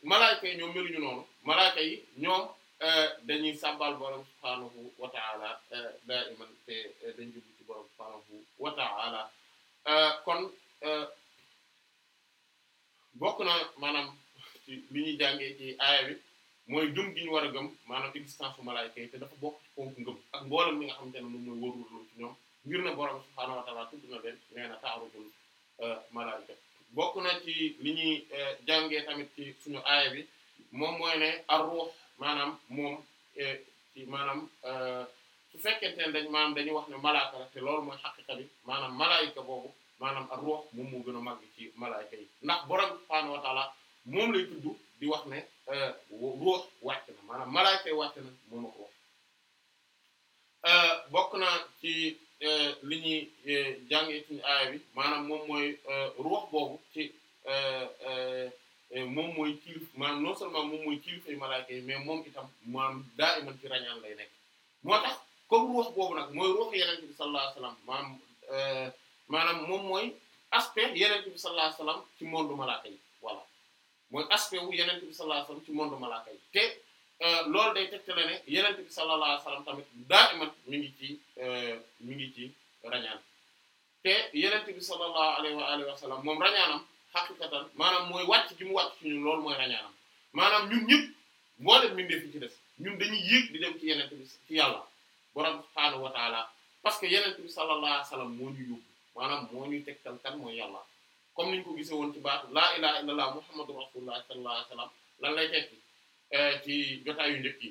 voilà euh, yi ñoom meluñu noonu malaayka yi ñoom euh, dañuy sàbbal borom subhaanahu wa ta'ala euh, daiman te dañ kon bokk na maanaam ci ñuy jàngee ci aaya bi mooy gëm gi ñu war a gëm maanaam existence fu malaayka yi te dafa bokk ci ponk ngëm ak mboolem mi nga xamante ne moom mooy wóorul ci ñoom ngir ne borom subhaanahu wa ta'aala tudd na leen nee na taarudul euh, bokk na ci li ñuy euh, jàngee tamit ci suñu aaya bi moom mooy ne ar-ruux maanaam moom euh, ci maanaam ne dañ maanaam dañuy wax ne malaaka la te loolu mooy xaqiqa boobu maanaam a ruux moom moo gën a màgg ci malaayka yi ndax borom subhaanahu wa moom lay tudd di wax ne. ruux eh, wàcc na maanaam malaaka wàcc na moom ruux eh, bokk na ci eh, li ñuy jàng ci aaya bi maanaam moom mooy boobu ci moom mooy kilif maanaam non seulement moom mooy kilifay malaaka yi mais moom itam maanaam daa iman ci rañaan lay nekk moo tax comme ruux boobu nag mooy ruux yeneen bi sallallahu alayhi maanaam moom mooy aspect yeneen bi sallallahu alayhi wasallam ci monde malaaka yi voilà mooy aspect wu yenente bi sallallahu alayhi wasallam ci monde malaaka yi te euh, loolu day tegtale ne yenente bi sallallahu alayhi wasallam tamit daa imat mi ngi ci euh, mi ngi ci rañaan te yenente bi sallallahu alayhi wa alihi wa sallam moom rañaanam xaqiqatan maanaam mooy wàcc gi mu wàcc ci lool loolu mooy rañaanam maanaam ñun ñëpp moo dem mindee fi ci def ñun dañuy yéeg di dem ci yenente bi ci yàlla borom subhaanahu wa parce que yenente bi sallallahu alayhi wa sallam moo ñu yóbbu maanaam moo ñuy mooy yàlla comme niñ ko gisee woon ci baatu laa ilaha illallah muhammadu rasulullah sallallahu alayhi wasallam lan lay tekki eh, ci jotaayu njëkk yi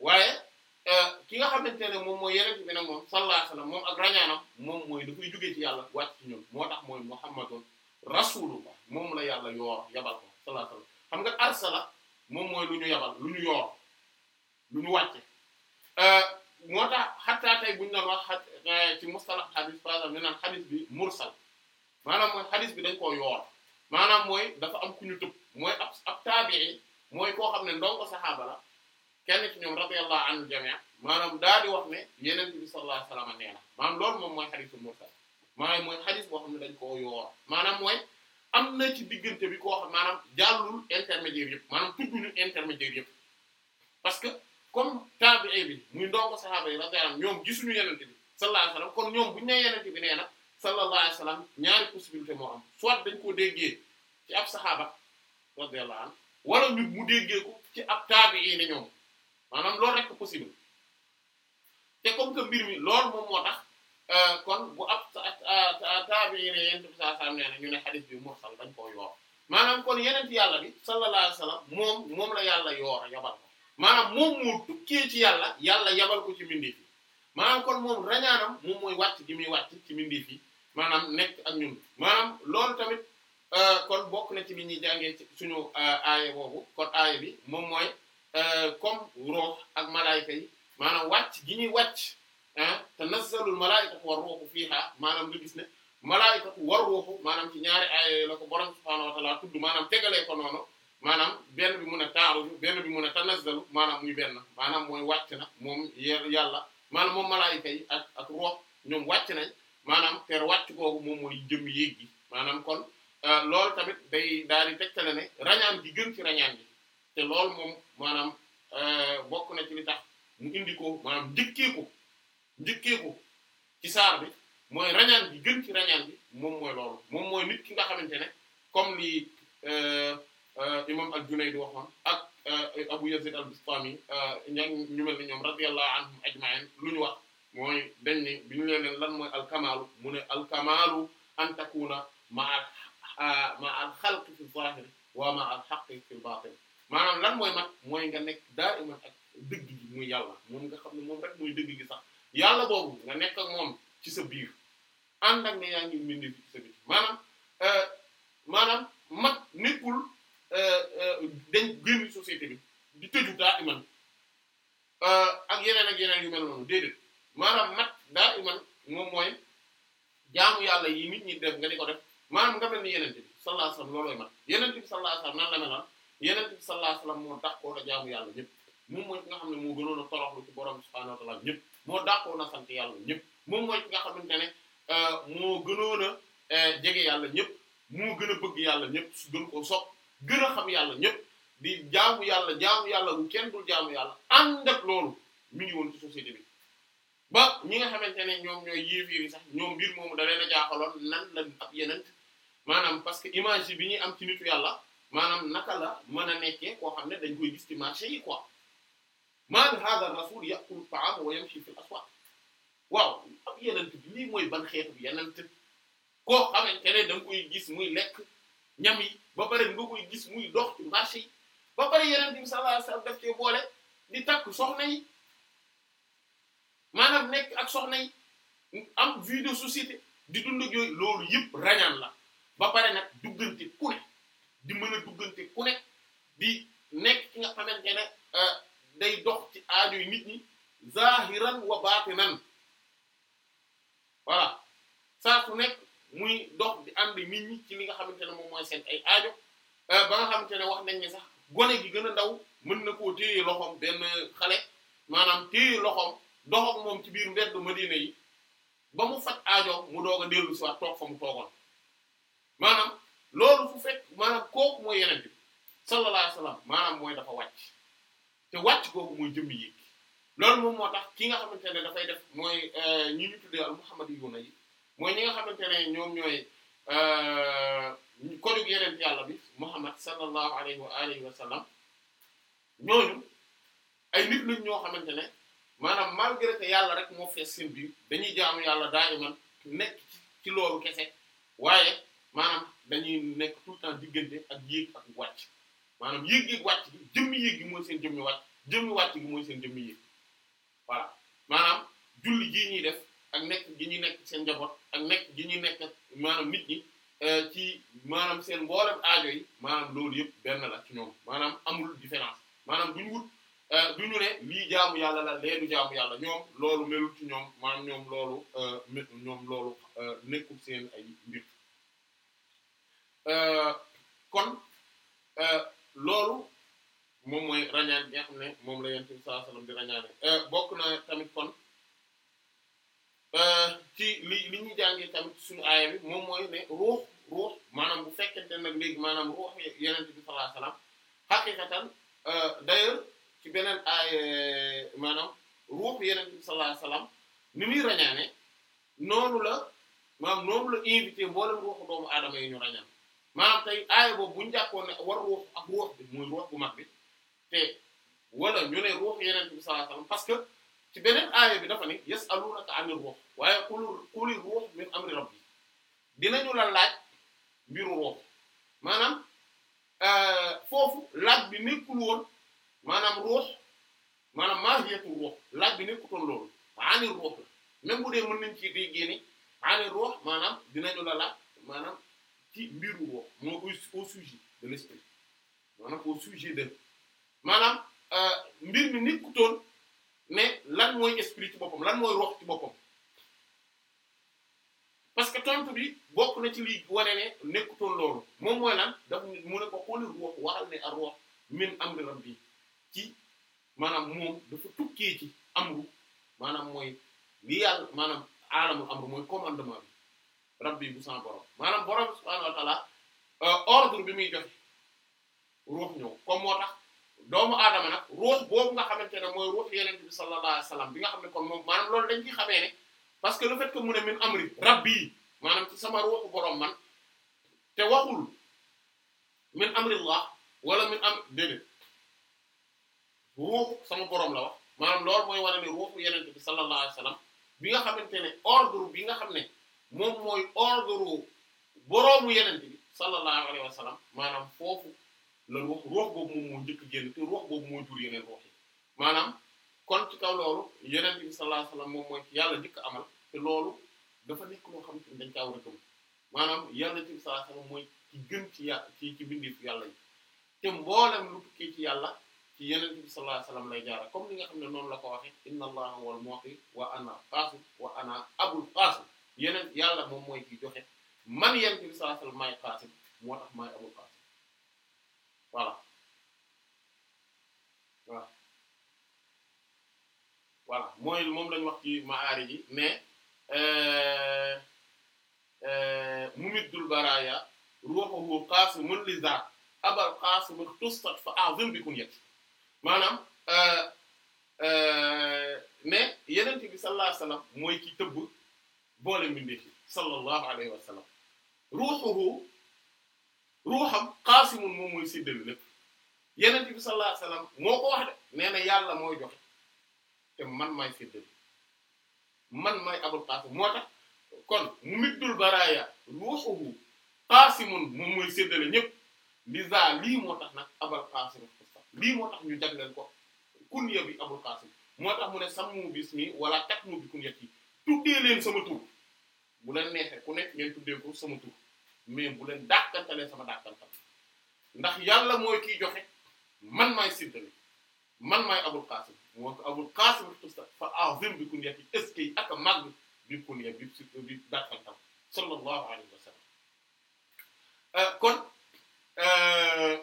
waaye eh, ki nga xam ne moom mooy yeneen bi nag moom sallallahu alayhi wasallam moom ak rañaanam moom mooy dafay jógee ci yàlla wàcc ci ñun moo tax mooy muhammadun rasulullah moom la yàlla yoor yabal ko sallallahu alayhi wasallam xam nga arsala moom mooy lu ñu yabal lu ñu yoor lu ñu wàcce eh, moo tax xataa tey buñu wax ci maanaam mooy xadis bi dañ koo yoor maanaam mooy dafa am ku ñu tëb mooy ab ab taabii mooy koo xam ne ndongo saxaaba la kenn ci ñoom radiyallahu anhu jami'a maanaam daal di wax ne yeneen bi sallallahu alayhi wasallam nee na maanaam loolu moom mooy xadisul mursal maanaam mooy xadis boo xam ne dañ koo yoor maanaam mooy am na ci diggante bi koo maanaam jàllul intermédiaire yëpp maanaam tudduñu yëpp parce que comme taabii bi muy ndongo saxaaba yi radiyallahu ñoom gisuñu yeneen bi sallallahu alayhi wasallam kon ñoom buñu nee yeneen bi nee na sallallahu alayhi wa sallam ñaari possibilité moo soit dañ koo déggee ci ab saxaaba radiyallahu anhu wala mu déggee ko ci ab taabi'i ne ñoom maanaam loolu rek possible te comme que mbir mi lool moom moo tax euh, kon bu ab euh, taabi'i ne yent bi sallallahu alayhi ñu ne hadith bi mursal dañ koo yoor maanaam kon yeneen ci yàlla bi sallallahu alayhi wa moom moom la yàlla yoor yabal ko maanaam moom moo tukkee ci yàlla yàlla yabal ko ci mbindeef yi maanaam kon moom rañaanam moom mooy wàcc gi maanaam nekk ak ñun maanaam loolu tamit euh, kon bokk na ci li ñuy jàngee ci suñu euh, aaye boobu kon aaye bi moom mooy euh, comme ruux ak malaayika yi maanaam wàcc gi ñuy wàcc ah tanazzalul malaayikatu war ruuxu fiiha maanaam nga gis ne malaayikatu war ruuxu maanaam ci ñaari aaye la ko borom subhaanahu wa tudd maanaam tegalee ko noonu maanaam benn bi mun a taaru benn bi mun a tanazzalu maanaam muy benn maanaam mooy wàcc na moom yàlla maanaam moom malaayika yi ak ak ñoom wàcc nañ. maanaam ter wàcc googu moom mooy jëm yéeg gi maanaam kon euh, loolu tamit day daal di tegtale ne rañaan gi gën ci rañaan gi te lool moom maanaam euh, bokk na ci li tax mu indi ko maanaam njëkkeeku njëkkeeku ci saar bi mooy rañaan gi gën ci rañaan bi moom mooy loolu moom mooy nit ki nga xamante ne comme li euh, imam al-Junayd waxoon ak Abu Yazid al-Bistami ñan ñu mel ni ñoom radiyallahu anhum ajma'in lu ñu wax mooy dañ ne bi ñu leen lan mooy alkamaalu mu ne alkamaalu an takuna maa maa al xalq fi zahir wa maa al xaq fi batin maanaam lan mooy mat mooy nga nekk daaiman ak dëgg gi muy yàlla moom nga xam ne moom rek mooy dëgg gi sax yàlla boobu nga nekk moom ci sa biir ànd ak ne yaa ngi mindi ci sa biir maanaam euh, maanaam mat nekkul euh, euh, dañ génn société bi di tëju daaiman ak yeneen ak yeneen yu mel noonu déedéet maanaam nag daa iman moom mooy jaamu yàlla yii mit ñi def nga di ko def maanaam nga mel ni yenente bi sallallahu alayhi wasallam loolooy mat yenente bi sallallahu la meloon yenente bi sallallahu moo dàqoon a jaamu yàlla ñëpp moom mooy ki nga xam ne moo gënoon a toroxlu ci ñëpp moo dàqoon a sant yàlla ñëpp moom mooy ki nga xamante ne euh, moo gënoon a euh, jege yàlla ñëpp moo gën a bëgg yàlla ñëpp su gën ko sopp gën a xam yàlla ñëpp di jaamu yàlla jaamu yàlla bu kenn dul jaamu yàlla ànd def loolu mi ngi woon ci société bi ba ñi nga xamante ne ñoom ñooy yéefiir yi sax ñoom mbir moomu da a jaaxaloon nan la ab yeneen maanaam parce que image bi ñuy am ci nitu yàlla maanaam naka la mën a nekkee koo xam ne dañ koy gis ci marché yi quoi man hadha rasul yaqulu ta'am wa yamshi fil aswaq waaw ab ban xeetu bi yeneen koo xamante ne da nga koy gis muy lekk ñam ba pare nga koy gis muy dox ci marché yi ba pare yeneen bi sallallahu alayhi wasallam daf cee boole di takk soxna yi. maanaam nekk ak soxna yi am vie de société di dund ak loolu yëpp rañaan la ba pare nag duggante ku ne di mën a duggante ku ne di nekk ki nga xamante ne euh, day dox ci aajoy nit ñi zahiran wa baatinan voilà saa su nekk muy dox di ànd nit ñi ci li nga xamante ne moom mooy seen ay aajo euh, ba nga xamante ne wax nañ ne sax gone gi gën a ndaw mën na koo téye loxoom benn xale maanaam téye loxoom dox ak moom ci biir mbedd Madina yi ba mu faj aajo mu doog a dellu si toog fa mu toogoon maanaam loolu fu fekk maanaam kooku mooy yeneen bi sallallahu alayhi wasallam maanaam mooy dafa wàcc te wàcc kook mooy jëmm yi loolu moom moo tax ki nga xamante ne dafay def mooy euh, ñi ñu tuddee al muhammadiyuna yi mooy ñi nga xamante ne ñoom ñooy euh, kodug yeneen yàlla bi muhammad sallallahu alayhi wa alihi ñooñu ay nit lañ ñoo xamante ne maanaam malgré que yàlla rek moo fees seen biir dañuy jaamu yàlla daayiman nekk ci loolu kese waaye maanaam dañuy nekk tout le temps diggante ak yéeg ak wàcc maanaam yéeg yéeg wàcc gi jëmmi yéeg gi mooy seen jëmmi wàcc jëmmi wàcc gi mooy seen jëmmi yéeg voilà maanaam julli gi ñuy def ak nekk gi ñuy nekk seen njaboot ak nekk gi ñuy nekk maanaam nit ñi euh, ci maanaam seen mboolem aajo yi maanaam loolu yëpp benn la ci ñoom maanaam amul différence maanaam duñu Euh, du ñu ne lii jaamu yàlla la leenu jaamu yàlla ñoom loolu melul ci ñoom maanaam ñoom loolu euh, ñoom loolu euh, nekkul seen ay mbir kon loolu moom mooy rañaan bi nga xam ne moom la yent bi sallallahu di rañaane bokk na tamit kon ci li li ñuy jàngee tamit suñu aaya bi moom mooy ne ruux ruux maanaam bu fekkente nag léegi maanaam ruux yenent bi sallallahu alayhi wasallam ci beneen ay euh, maanaam ruux yeneen bi sallallahu alayhi ni muy rañaane noonu la maam noonu la invité mboolem ruuxu doomu aadama yi ñu rañaan maanaam tey aaya boobu bu ñu jàppoon ne war ruux ak ruux bi muy ruux bu mag bi te wala ñu ne ruux yeneen bi sallallahu alayhi wasallam parce que ci beneen aaya bi dafa ne yas'alunaka 'anir ruux waaye qul ruux min amri rabbi dinañu la laaj mbiru ruux maanaam euh, foofu laaj bi nekkul woon maanaam ruux maanaam maahiyatu ruux laaj bi nekkutoon loolu ani ruux la même dee mën nañ ci déggee ni ani ruux maanaam dinañu la laaj maanaam ci mbiru ruux moo koy au sujet de maanaam au sujet de maanaam euh, mbir mi nekkutoon ne lan mooy esprit ci boppam lan mooy ruux ci boppam parce que tontu bi bokk na ci lii wane ne nekkutoon loolu moom mooy lan daf mu ne ko xooli ruux waxal ne ar ruux min amri rabbi ci maanaam moom dafa tukkee ci amru maanaam mooy li yàlla maanaam alamul amru mooy commandement rabbi bu sans borom maanaam borom subhaanahu wa taala euh, bi muy joxe ruux ñëw comme moo tax doomu aadama nag ruux boobu nga xamante ne mooy ruux yeneen bi sallallahu alayhi bi nga xam ne kon moom maanaam loolu dañ ci xamee ne parce que le fait que mu ne min amri rabbi maanaam ci sama ruuxu borom man te waxul min amrillah wala min am déedéet ruux sama borom la wax maanaam loolu mooy wane ne ruuxu yeneen bi sallallahu alayhi wasallam bi nga xamante ne ordre bi nga xam ne moom mooy ordre boroomu yeneen maanaam foofu la ruux ruux boobu moom moo njëkk génn te ruux boobu moo jur yeneen ruux yi maanaam kon ci kaw loolu yeneen bi sallallahu alayhi wasallam moom mooy yàlla njëkk amal te loolu dafa nekk loo xam ne dañ kaa war a gëm maanaam yàlla ci sallallahu alayhi wasallam mooy ci gën ci yà ci ci bindifu yàlla yi te mboolem lu tukkee ci yàlla ci yenent bi sallallahu alayhi wasallam lay jaara comme li nga xam ne noonu la ko waxe inna allaha wal mu'ti wa ana qaasim wa ana abul qaasim yeneen yàlla moom mooy ki joxe man yenent bi sallallahu alayhi wasallam maay qaasim moo tax maay abul qaasim voilà voilà voilà mooy moom lañu wax ci maari ji mais mumiddul baraya ruhuhu qaasimun li zaat abal qaasim tustat fa a'zim bi kun yet maanaam ne euh, euh, yenente bi sallallahu alayhi wa sallam mooy ki tëbb boole mbindeefi sallallahu alayhi wa sallam ruuxuhu ruuxam xaasimun moom mooy séddale lépp yenente bi sallallahu alayhi wa sallam moo ko wax de nee na yàlla mooy joxe te man maay séddale man maay abul qaasim moo tax kon mu middul baraaya ruuxuhu xaasimun moom mooy séddale ñëpp liza lii moo tax nag abul qaasim lii moo tax ñu jagleel ko kunya bi Abul Qasim moo tax mu ne sammu bismi wala takmu bi kunyati tuddee leen sama tur bu leen neexee ku nekk ngeen tuddee ko sama tur mais bu leen dàkkantalee sama dàkkantal ndax yàlla mooy kiy joxe man maay siddale man maay Abul Qasim moo ko Abul Qasim fa azim bi kunyati est-ce que ak a màgg bi kunya bi bi dàkkantal sallallahu alayhi wa sallam euh, kon euh,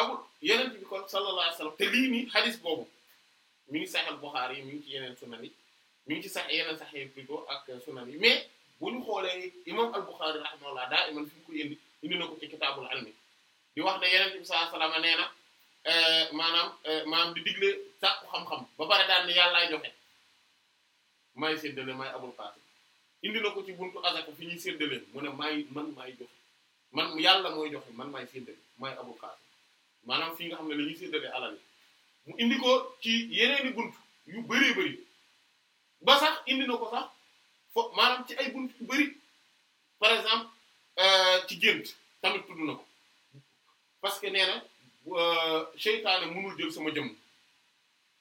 Abul yeneen bi kon sallallahu alayhi te lii nii hadith boobu mi ngi saxal Bukhari yi mi ci yeneen sunan yi ngi ci sax yeneen sax yi plutôt ak sunan yi mais bu xoolee imam al-Bukhari rahimahullah daa iman fi mu indi indi na ko ci kitaabul almi di wax ne yeneen bi sallallahu alayhi wasallam nee na eh, maanaam eh, maanaam di digle sàkku xam-xam ba pare daal ne yàllaay joxe maay séddale maay abul qasim indi na ko ci buntu azaka fi ñuy séddale mu ne maay man maay joxe man yàlla mooy joxe man may séddale maay abul qasim maanaam fi nga xam ne la ñuy séddale alal mu indi ko ci yeneeni bunt yu bëree bëri ba sax indi na ko sax fo maanaam ci ay bunt yu bëri par exemple euh, ci gént tamit tudd na ko parce que nee na euh, seytaane mënul jël sama jëmm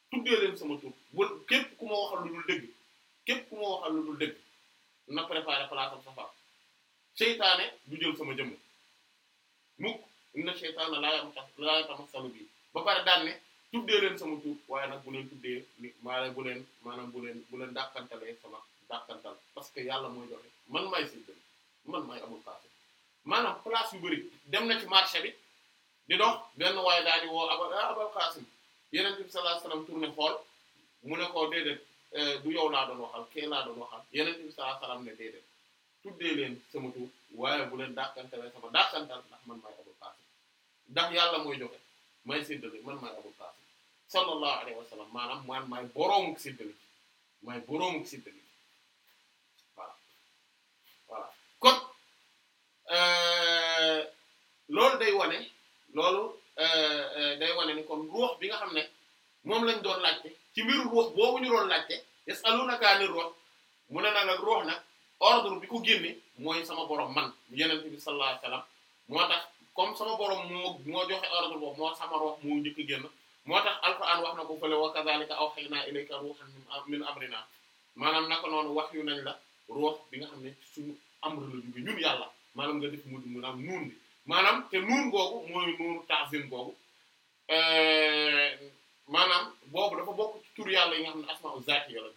tuddee leen sama tur bu képp ku waxal lu dëgg képp ku ma waxal lu dul dëgg na préparer place am safar seytaane du jël sama jëmm mukk inna na laa yam tax laa yatamassalu bi ba pare daan ne tuddee leen sama tur waaye nag bu leen tuddee ni bu leen maanaam bu leen bu leen dàkkantalee sama dàkkantal parce que yàlla mooy joxe man maay sëñ man maay amul paase maanaam place yu bëri dem na ci marché bi di dox benn waaye daa di woo abal ah, abal Qaasim Yonent bi sallallahu alayhi wasallam xool mu ne ko déedéet euh, du yow laa doon waxal kee laa doon waxal Yonent bi sallallahu alayhi wasallam ne déedéet tuddee leen sama tur waaye bu leen dàqanteel sama dàqanteel ndax man maay abul qaasim ndax yàlla mooy joxe may séddale man maay abul qaasim sallallahu alayhi wa sallam maanaam man maay boroomuk séddale maay boroomuk séddale voilà voilà kon euh, loolu day wane loolu euh, day wane ni kon ruux bi nga xam ne moom lañ doon laajte ci mbiru ruux boobu ñu doon laajte yasalunaka ani ruux mu ne na ruux nag. ordre bi ko génne mooy sama borom man yeneen bi sallallahu alayhi wasallam moo tax comme sama borom moo moo joxe ordre boobu moo sama wax moo njëkk génn moo tax alquran wax na ko fële wa kadhalika awhayna ilayka ruhan min amrina maanaam naka noonu wax yu nañ la ruux bi nga xam ne su amr la jóge ñun yàlla maanaam nga def mu mu naam nuun bi maanaam te nuun googu mooy nuunu ta'zim googu maanaam boobu dafa bokk ci tur yàlla yi nga xam ne asma'u zaati yàlla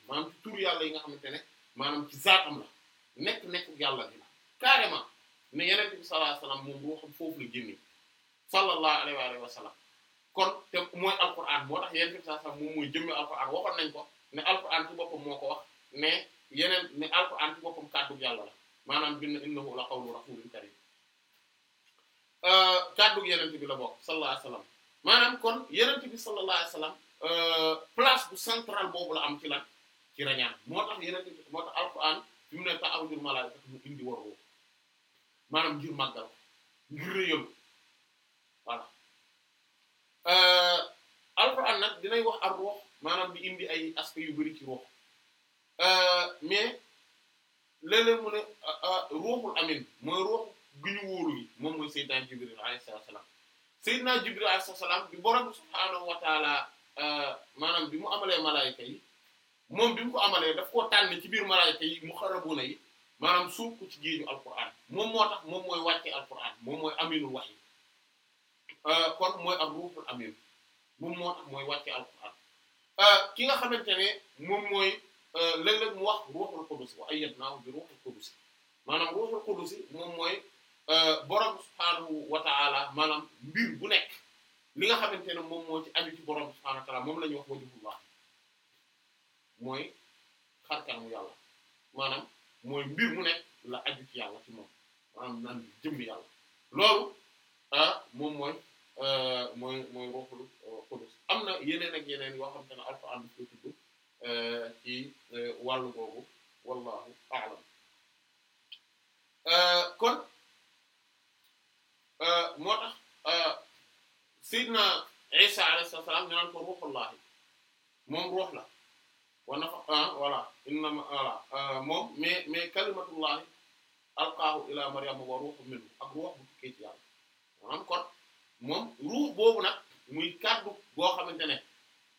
yàlla yi nga xamante ne maanaam ci nekk nekku yàlla bi la carrément mais yeneen bi sallallahu alayhi wa sallam kon te mooy alquran moo tax yeneen bi sallallahu alayhi wa sallam moom mooy jëmmi moo ko wax mais yeneen ne alquran ci boppam kàddu yàlla la maanaam la qawlu rasulin karim euh, kàddu yeneen bi la maanaam kon yeneen bi sallallahu alayhi wa sallam euh, place bu boobu la am ci lan ci rañaan moo tax yeneen moo tax alquran fi mu ne ta aw jur malaaka mu indi war woo maanaam ngir màggal ngir réyal voilà euh, alquran dinay wax ar ruux maanaam di indi ay aspects yu bari ci ruux euh, mais léeg-léeg mu ne euh, ruuxul amin mooy ruux gi ñu wóoru yi moom mooy sayyidina jibril alayhi salaam sayyidina jibril alayhi salaam bi borom subhaanahu wa taala maanaam bi mu amalee malaayika yi moom bi mu ko amalee daf koo tànn ci biir malaayika yi muqarrabuuna yi maanaam suuf ku ci géeju alquran moom moo tax moom mooy wàcce alquran moom mooy aminul wahyi euh, kon mooy ak mooy wàcce alquran euh, ki nga xamante ne moom mooy euh, léeg-léeg mu wax ruuxul ay wa ayyadnaahu bi ruuxul qudus maanaam ruuxul qudus moom mooy borom subhaanahu wa ta'ala maanaam mbir bu nekk li nga xamante ne moom moo ci aju ci borom subhaanahu wa ta'ala moom la ñuy wax mooy xar kanamu yàlla maanaam mooy mbir mu nekk la aju ci yàlla ci moom maanaam naan jëm yàlla loolu ah, moom mooy euh, mooy mooy ruuxul euh, qudus am na yeneen ak yeneen yoo xam te ne alxuraan ko euh, ci wàllu boobu wallahu a'lam kon moo tax Seydina Isa alayhi salaam ñu naan ko ruuxullaahi moom ruux la wa nafaqa ah, voilà innama voilà ah, ah, moom mais mais kalimatullahi alqaahu ila maryama wa ruuhun minhu ak ruux bu tukkee ci yàlla maanaam kon moom ruux boobu nag muy kaddu boo xamante ne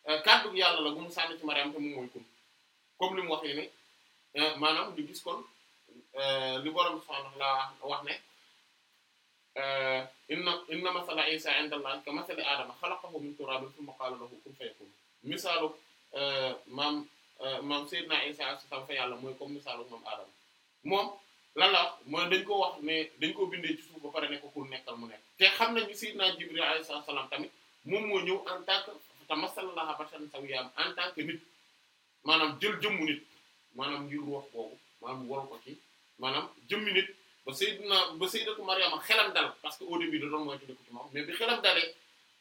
euh, kaddu gi yàlla la bu mu sànni ci maryam te moom mooy kun comme li waxee ne euh, maanaam di gis kon euh, li borom subhaanahu wax ne inna inna masala isa inda allahi ka masali aadama xalaqahu min turaabin thumma maam Euh, maam Seydina Isa si xam fa yàlla mooy comme misaalu moom Adama moom lan la mooy dañ ko wax ne dañ ko bindee ci suuf ba pare ne ko pour nekkal mu nekk te xam nañu Seydina Jibril alayhi salaam tamit moom moo ñëw en tant que tamassalallaha basharan sawiyyan en tant que nit maanaam jël jëmmu nit maanaam ngir wax boobu maanaam waru ko ci maanaam jëmmi nit ba Seydina ba Sayyidatu Maryama xelam dal parce que au début da doon moytu ko ci moom mais bi xelam dalee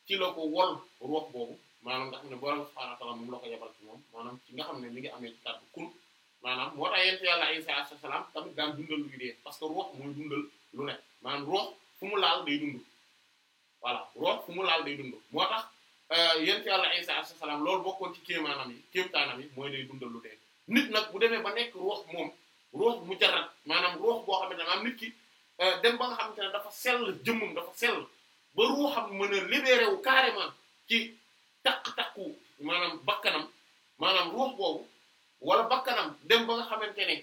ci la ko wol ruux maanaam nga xam ne borom subhaanahu wa ta'aala moom la ko yebal ci moom maanaam ci nga xam ne mi ngi amee ci kàddu kun maanaam moo tax yent yàlla Isa alayhi salaam tamit daan dundal lu dee parce que ruux mooy dundal lu ne maanaam ruux fu mu laal day dund voilà ruux fu mu laal day dund moo tax euh, yent yàlla Isa alayhi salaam loolu bokkoon ci kéemaanam yi kéemtaanam yi mooy day dundal lu dee nit nag bu demee ba nekk ruux moom ruux mu jarat maanaam ruux boo xamante ne maanaam nit ki euh, dem ba nga xamante ne dafa sell jëmmum dafa sell ba ruuxam mën a libéré wu carrément ci takk-takku maanaam bakkanam maanaam ruux boobu wala bakkanam dem ba nga xamante ne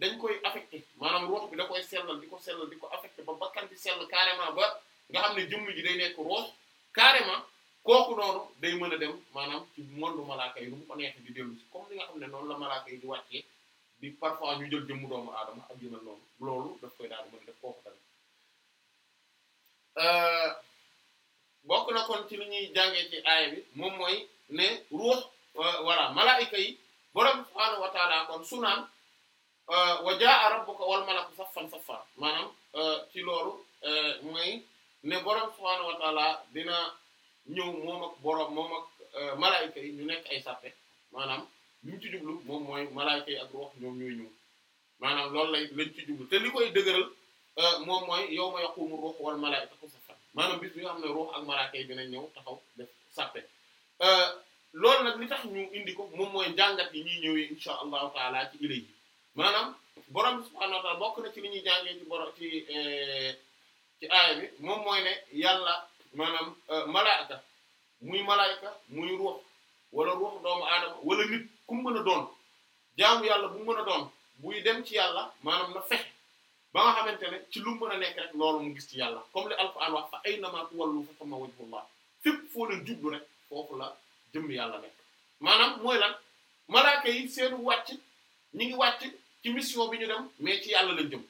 dañ koy affecté maanaam ruux bi da koy sellal di ko sellal di ko affecté ba bakkan bi sell carrément ba nga xam ne jëmm ji day nekk ruux carrément kooku noonu day mën a dem maanaam ci lu malaaka yi lu mu ko neexee di dellu si comme li nga xam ne noonu la malaaka yi di wàccee di parfois ñu jël jëmmu doomu aadama ak yu mel noonu loolu daf koy daal di def kooku tamit. Euh, bokk na kon ci li ñuy jàngee ci aaya bi moom mooy ne ruux euh, voilà malaayika yi borom subhaanahu wa taala kon sunaan euh, wa jaa rabbuka wal malaku saffan saffa maanaam euh, ci loolu mooy ne borom subhaanahu wa dina ñëw moom ak borom moom yi ñu nekk ay sàppe maanaam li mu ci mooy malaayika yi ak ruux ñoom ñooy ñëw maanaam loolu lay lañ ci jublu te li koy dëgëral moom mooy yawma yaqumu ruux wal malaayika maanaam bis bi nga xam ne ruux ak malaaka yi dinañ ñëw taxaw def sàppe euh, loolu nag li tax ñu indi ko moom mooy jàngat yi ñuy ñëwee insha allahu taala ci ilay maanaam borom bi bokk na ci li ñuy jàngee ci borom ci euh, ci aaya moom mooy ne yàlla maanaam euh, malaaka muy malaayka muy ruux wala ruux doomu aadama wala nit ku mu mën a doon jaamu yàlla bu mën a doon buy dem ci yàlla maanaam na fex ba nga xamante ne ci lu mën a nekk rek loolu mu gis ci yàlla comme li alquran wax fa aynama tuwallu fa thamma wajhullah fépp foo leen jublu rek foofu la jëm yàlla nekk maanaam mooy lan malaaka yi seenu wàcc ñi ngi wàcc ci mission bi ñu dem mais ci yàlla lañ jëm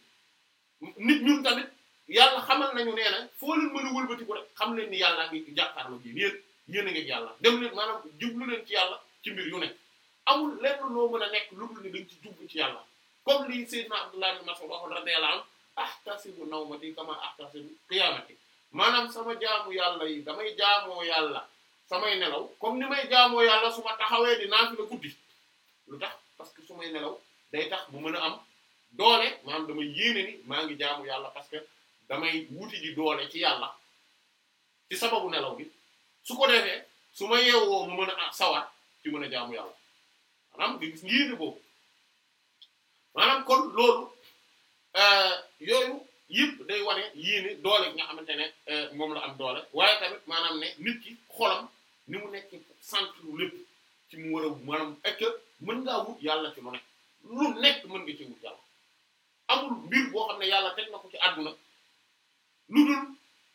nit ñun tamit yàlla xamal nañu nee na foo leen mën xam leen ni yàlla ngi jàkkaarloo ji a ngi yàlla dem leen maanaam jublu leen ci yàlla ci mbir yu nekk amul lenn loo mën a nekk lu dul ni dañ ci jublu ci yàlla comme li Seydina Abdullah ibn Mas'ud waxoon radiyallahu anhu ahtasibu nawmati kama ahtasibu qiyamati maanaam sama jaamu yàlla yi damay jaamoo yàlla samay nelaw comme ni may jaamoo yàlla su ma taxawee di naafila guddi lu tax parce que su nelaw day tax mu mën a am doole maanaam damay yéene ni maa ngi jaamu yàlla parce que damay wuti ji doole ci yàlla ci sababu nelaw bi su ko defee su ma yeewoo mu mën a sawar ci mën a jaamu yàlla maanaam nga gis njiite boobu maanaam kon loolu euh, yooyu yëpp day wane yéene doole bi nga xamante ne euh, moom la am doole waaye tamit maanaam ne nit ki xolam ni mu nekk centre lépp ci mu war a maanaam est mën ngaa wut yàlla ci lu nekk lu nekk mën nga ci wut yàlla amul mbir boo xam ne yàlla teg na ko ci àdduna lu dul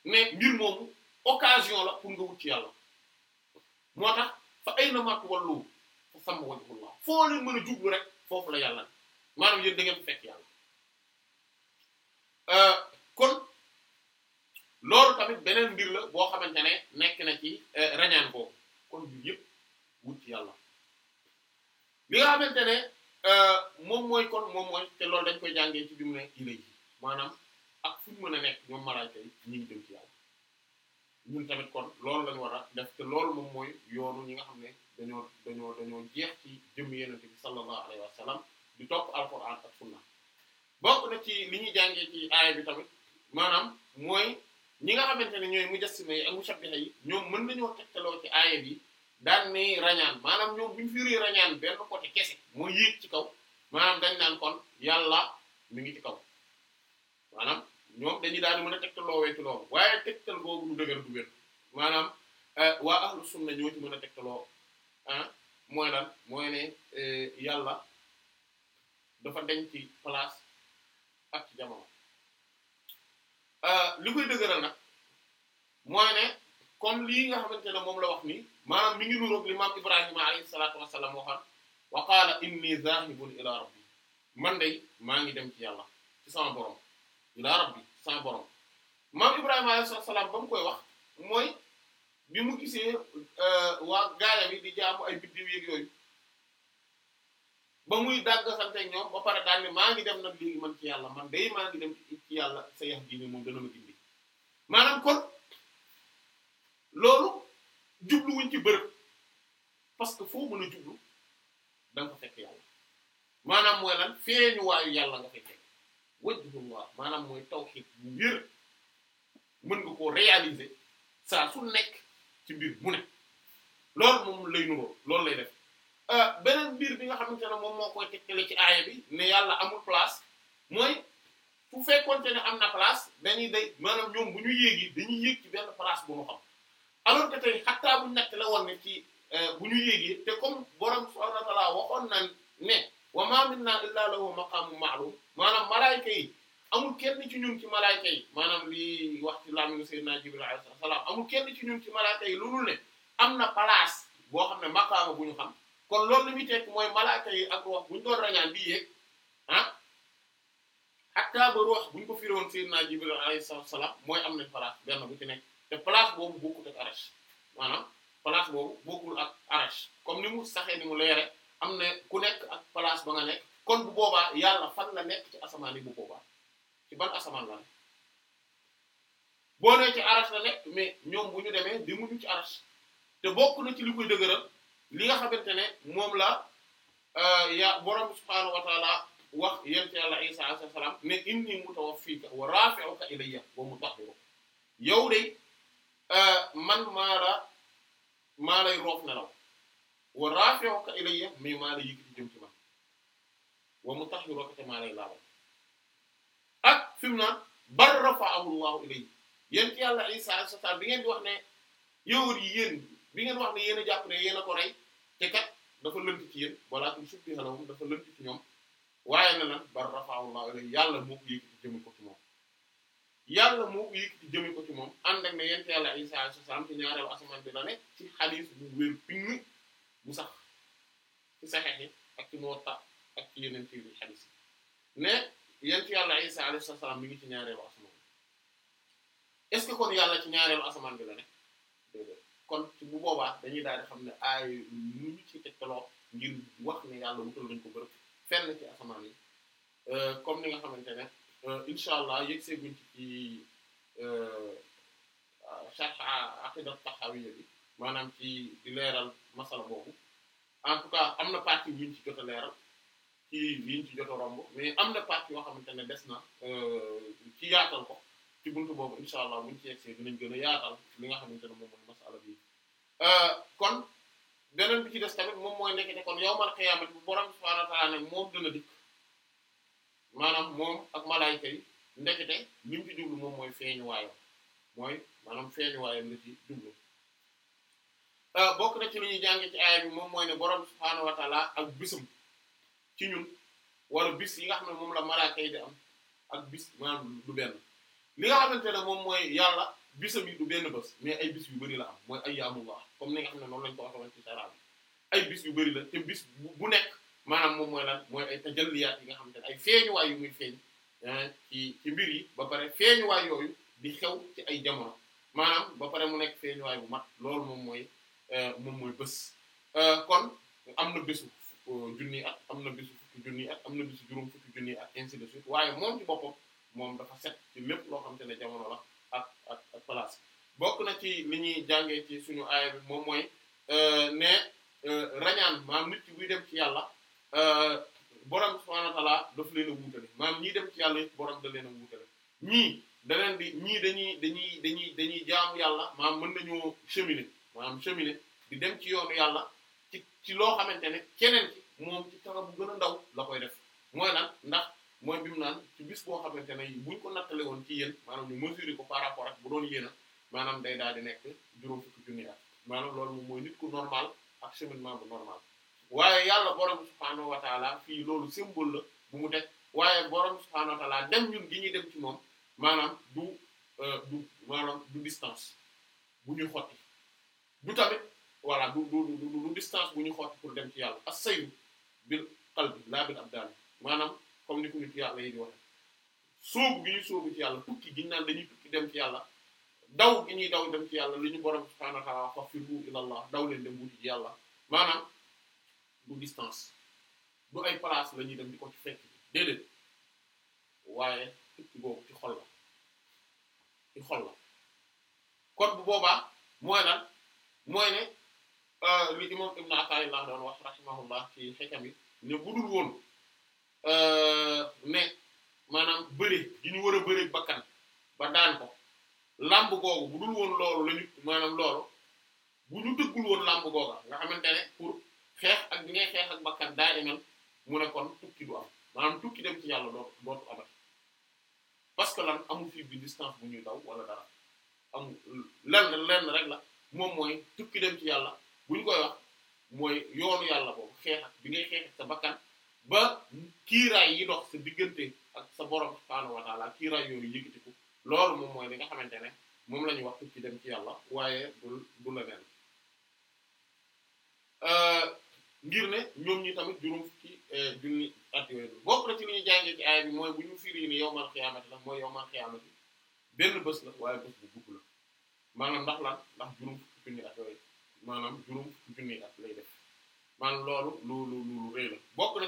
ne mbir moomu occasion la pour nga wut ci yàlla moo tax fa ay na mat wallu fa sàmm mën a jublu rek foofu la yàlla maanaam yéen da ngeen fekk yàlla euh, kon loolu tamit beneen mbir boo xamante ne nekk na ci euh, rañaan boobu kon ñu yëpp wut yàlla li nga xamante ne euh, moom mooy kon moom mooy te loolu dañ koy jàngee ci jumla ila yi maanaam ak fu ñu mën a nekk ñoom malaaka yi ñu ngi ci yàlla ñun tamit kon loolu lañu war a def te loolu moom mooy yoonu ñi nga xam ne dañoo dañoo dañoo jeex ci jëm yenente bi sallallahu alayhi wa di topp alquran ak sunna bokk na ci li ñuy jàngee ci aaya bi tamit maanaam mooy ñi nga xamante ne ñooy mujassima yi ak mushabbiha yi ñoom mën nañoo tegtaloo ci aaya bi daan ni rañaan maanaam ñoom bu ñu firi rañaan benn côté kese mooy yéeg ci kaw maanaam dañ naan kon yàlla mu ngi ci kaw maanaam ñoom dañuy daal di mën a tegtaloo wee ci loolu waaye tegtal boobu du dëgër du maanaam eh, waa ahlu na ñoo ci mën a tegtaloo ah mooy lan mooy ne eh, yàlla dafa dañ ci place ak ci jamono euh, li koy dëgëral na mooy ne comme lii nga xamante ne moom la wax nii maanaam mi ngi nuroog li maam Ibrahima alayhi salaatu wassalaam waxoon wa qaala inni zaahibun ila rabbi man day maa ngi dem ci yàlla ci sama borom ila rabbi sama borom maam Ibrahima alayhi salaatu ba mu koy wax mooy bi mu gisee euh, waa gaaya bi di jaamu ay biddiw yéeg yooyu ba muy dàggasante ñoom ba pare daal ne maa ngi dem nag léegi man ci yàlla man day maa ngi dem ci yàlla sa yax ji ne moom dana ma gindi maanaam kon loolu jubluwuñ ci bërëb parce que foo mën a jublu da ko fekk yàlla maanaam mooy lan feeñu waayu yàlla nga fay fekk wajhullah maanaam mooy tawhid bu wér mën nga koo réaliser saa su nekk ci mbir mu ne loolu moom lay nuroo loolu lay def Euh, beneen mbir bi nga xamante ne moom moo koy tegtale ci aaya bi ne yàlla amul place mooy fu fekkonte ne am na place dañuy day maanaam ñoom bu ñu yéegi dañuy yéeg ci benn place bu mu xam alors que tey bu nekk la woon ne ci euh, bu ñu yéegee te comme borom subhaanahu wa na ne wa maa minnaa illaa lahu maqaamun ma'luum maanaam malaayka yi amul kenn ci ñun ci malaayka yi maanaam li wax ci laaminu sayyidina Jibril alayhi amul kenn ci ñun ci malaayka yi lu am na place boo xam ne maqaama bu ñu xam kon loolu li muy tekk mooy malaaka ak ruux bu ñu doon rañaan bi yéeg ah hatta ba ruux bu ñu ko firéwoon Seydina Jibril alayhi salaam mooy am nañ place benn bu ci nekk te place boobu bokkul ak arash maanaam place boobu bokkul ak arash comme ni mu saxee ni mu leere am na ku nekk ak place ba nga nekk kon bu boobaa yàlla fan la nekk ci asamaan yi bu boobaa ci ban asamaan la nekk boo nee ci arash la nekk mais ñoom bu ñu demee di demuñu ci arash te bokk na ci li koy dëgëral. li nga xamante ne moom la euh, ya borom subhaanahu wa taala wax yent yàlla isa alayhi salaam ne inni mutawaffika wa rafi'uka ilayya wa mutahhiruka yow de euh, man maa la maa lay roof nelaw wa rafi'uka ilayya mais maa la yëkkati jëm ci man wa mutahhiruka te maa lay laabal ak fi mu naan bal rafa'ahu Allahu ilayya yent yàlla isa alayhi salaam bi ngeen wax ne yow yi yéen bi ngeen wax ne yéen a jàpp ne yéen a ko rey te kat dafa lënt ci yéen walaakum shubbiha lahum dafa lënt ci ñoom waaye na lan bar rafa'ahu yàlla moo ko yëkkati jëme ko ci moom yàlla moo ko yëkkati jëme ko ci moom ànd ak ne yent yàlla Isa ne yent yàlla Isa alayhi salaam mi ngi ci ñaareelu asamaan est-ce que kon yàlla ci ñaareelu asamaan bi la nekk kon ci bu boobaa dañuy daal di xam ne aay ñu ñu ci tegtaloo ngir wax ne yàlla wutal nañ ko bërëb fenn ci asamaan yi euh, comme ni nga xamante ne euh, incha allah yegg see guñ ci euh, sharh aqida tahawiyya bi maanaam ci di leeral masala boobu en tout cas am na partie yuñ ci jot a leeral ci yiñ ci jot a romb mais am na partie yoo xamante ne des na ci yaatal ko ci buntu boobu incha allah buñ ci yegg see dinañ gën a yaatal li nga xamante ne moom ma masala bii Euh, kon beneen bi ci des tamit moom mooy nekkete kon yawmal qiyaamati bu borom subhaanahu wa ta'aala ne moom dana dikk maanaam moom ak malaayika yi ndekete li mu ci moom mooy feeñu mooy maanaam feeñu waayam la ci jublu euh, ci li ñuy jànge ci aaya bi moom mooy ne borom subhaanahu wa ak bisum ci ñun wala bis yi nga xam ne moom la malaaka yi di am ak bis maanaam du benn li nga xamante ne moom mooy yàlla bisam yi du benn bés mais ay bis yu bari la am mooy ayyaamullah comme ni nga xam ne noonu lañ ko waxee woon ci dara ay bis yu bari la te bis bu nekk maanaam moom mooy lan mooy ay tajalliyaat yi nga xam te ne ay feeñuwaay yu muy feeñ ah, ci ci mbir yi ba pare feeñuwaay yooyu di xew ci ay jamono maanaam ba pare mu nekk feeñuwaay bu mat loolu moom mooy eh, moom mooy bés. Eh, kon am na bésu eh, junniy at am na bésu fukki am na bésu juróom fukki junniy at ainsi de suite waaye moom ci boppam moom dafa set ci lépp loo xam te ne jamono la ak ak bokk na ci li ñuy jàngee ci suñu aaya moom mooy euh, ne euh, rañaan maam nit ci buy dem ci yàlla euh, borom subhaanahu wa ta'ala daf leen a wuutale maam ñii dem ci yàlla it borom da leen a wuutale ñii da di ñii dañuy dañuy dañuy dañuy jaamu yàlla maam mën nañoo cheminer maam cheminer di dem ci yoonu yàlla ci ci loo xamante ne keneen ci moom ci tara bu gën a ndaw la koy def mooy lan ndax mooy bi mu naan ci bis boo xamante ne buñ ko nattale woon ci yéen maanaam ñu mesurer ak bu yéen maanaam day daal di nekk juróom fukki junni at maanaam loolu moom mooy nit ku normal ak cheminement bu normal waaye yàlla borom subhaanahu wa fii loolu symbole la bu mu teg waaye borom subhaanahu wa taala dem ñun gi ñuy dem ci moom maanaam du euh, du maanaam distance bu ñuy xotti du tamit voilà du du du distance bu ñuy xotti pour dem ci yàlla as-sayru bil qalbi laa bil abdaan maanaam comme ni ko nit yàlla yi di waxe sóobu gi ñu sóobu ci yàlla tukki gi dem ci yàlla daw gi ñuy daw dem ci yàlla li ñu borom subhanahu wa ta'ala fafiru ilallah daw leen dem wuti ci yàlla maanaam du distance du ay place la ñuy dem di ko ci fekk bi déedéet waaye tukki boobu ci xol la ci xol la kon bu boobaa mooy lan mooy ne euh, li imam ibn Ata'illah doon wax rahimahullah ci xekam yi ne budul woon euh, ne maanaam bëre gi ñu war a bëre bakkan ba daan ko làmb googu bu dul woon loolu la ñu maanaam loolu bu ñu dëggul woon làmb googa nga xamante ne pour xeex ak bi ngay xeex ak bakkan daa iman mu ne tukki du am maanaam tukki dem ci yàlla doo dootu amat parce que lan amul fii bi distance bu ñuy daw wala dara lenn lenn rek la moom mooy tukki dem ci yàlla bu ñu koy mooy yoonu yàlla boobu xeex ak bi ngay xeex ak sa bakkan ba kiiraay yi dox sa diggante ak sa borom subhaanahu wa taala kiiraay yooyu yëkkati loolu moom mooy li nga xamante ne moom la ñu wax ci dem ci yàlla waaye bu bula neen euh, ngir ne ñoom ñi tamit juróom fukki euh, junni at yooyu bokk na ci li ñu jàngee ci aaya bi mooy bu la mooy yawmal xiyaamati maanaam ndax lan ndax juróom fukki maanaam juróom lay def maanaam loolu lu lu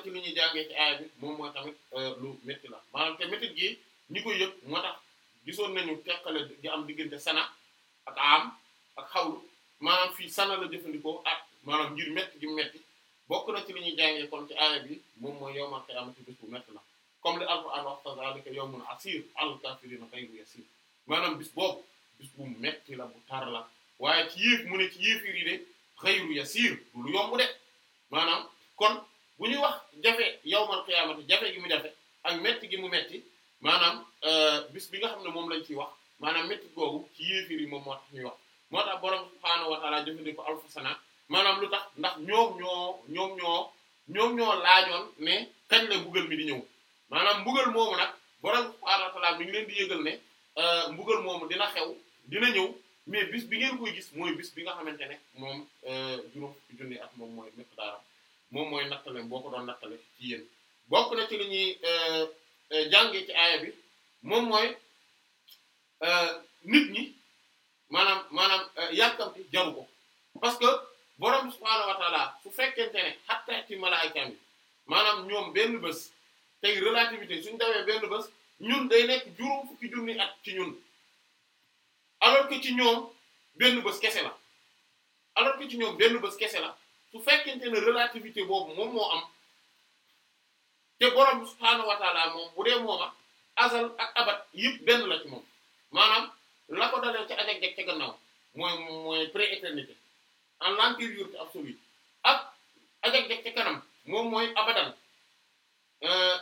ci li ñuy jàngee ci aaya bi moom mooy tamit euh, lu métti la maanaam te métti gi ñi koy yëg moo tax. gisoon nañu teqale di am diggante sana ak am ak xawlu maanaam fii sana la jëfandikoo ak maanaam ngir metti gi mu metti bokk na ci li ñuy jàngee kon ci aaya bi moom mooy yawmal qiyaamati bés bu metti la comme li alquran wax fa zaalika yawmun asiir alal kaafiriina maanaam bis boobu bis bu metti la bu tar la waaye ci yéef mu ne ci yéefir yi de ghayru yasiir lu yomb de maanaam kon bu ñuy wax jafe yawmal qiyaamati jafe gi mu jafe ak metti gi mu metti maanaam euh, bis bi nga xam ne moom lañ ciy wax maanaam méttit googu ci yéefir yi moom moo tax ñuy wax moo tax borom subhaanahu wa ta'ala jëfandikoo alfasana maanaam lu tax ndax ñoom ñoo ñoom ñoo ñoom ñoo laajoon ne kañ la mbugal mi di ñëw maanaam mbugal moomu nag wa ta'ala mi ngi leen di yëgal ne euh, mbugal moomu dina xew dina ñëw mais bis bi ngeen koy gis mooy bis bi nga xamante ne moom euh, juróom fukki junni at moom mooy miqdaaram moom mooy nattale boo ko doon nattale ci yéen bokk na ci li Euh, jàngee ci aaya bi moom mooy euh, nit ñi maanaam maanaam euh, yàkkamti jaru ko parce que borom subhaanahu wa taala su fekkente ne xatta ci malaaykaam yi maanaam ñoom benn bés tey relativité suñ dawee benn bés ñun day nekk juróom fukki junni at ci ñun alors que ci ñoom benn bés kese la alors que ci ñoom benn bés kese la su fekkente ne relativité boobu moom moo am te borom subhaanahu wa moom bu dee mooma azal ak abat yëpp benn la ci moom maanaam la ko dalee ci ajak jag en kanam moom mooy abadan euh,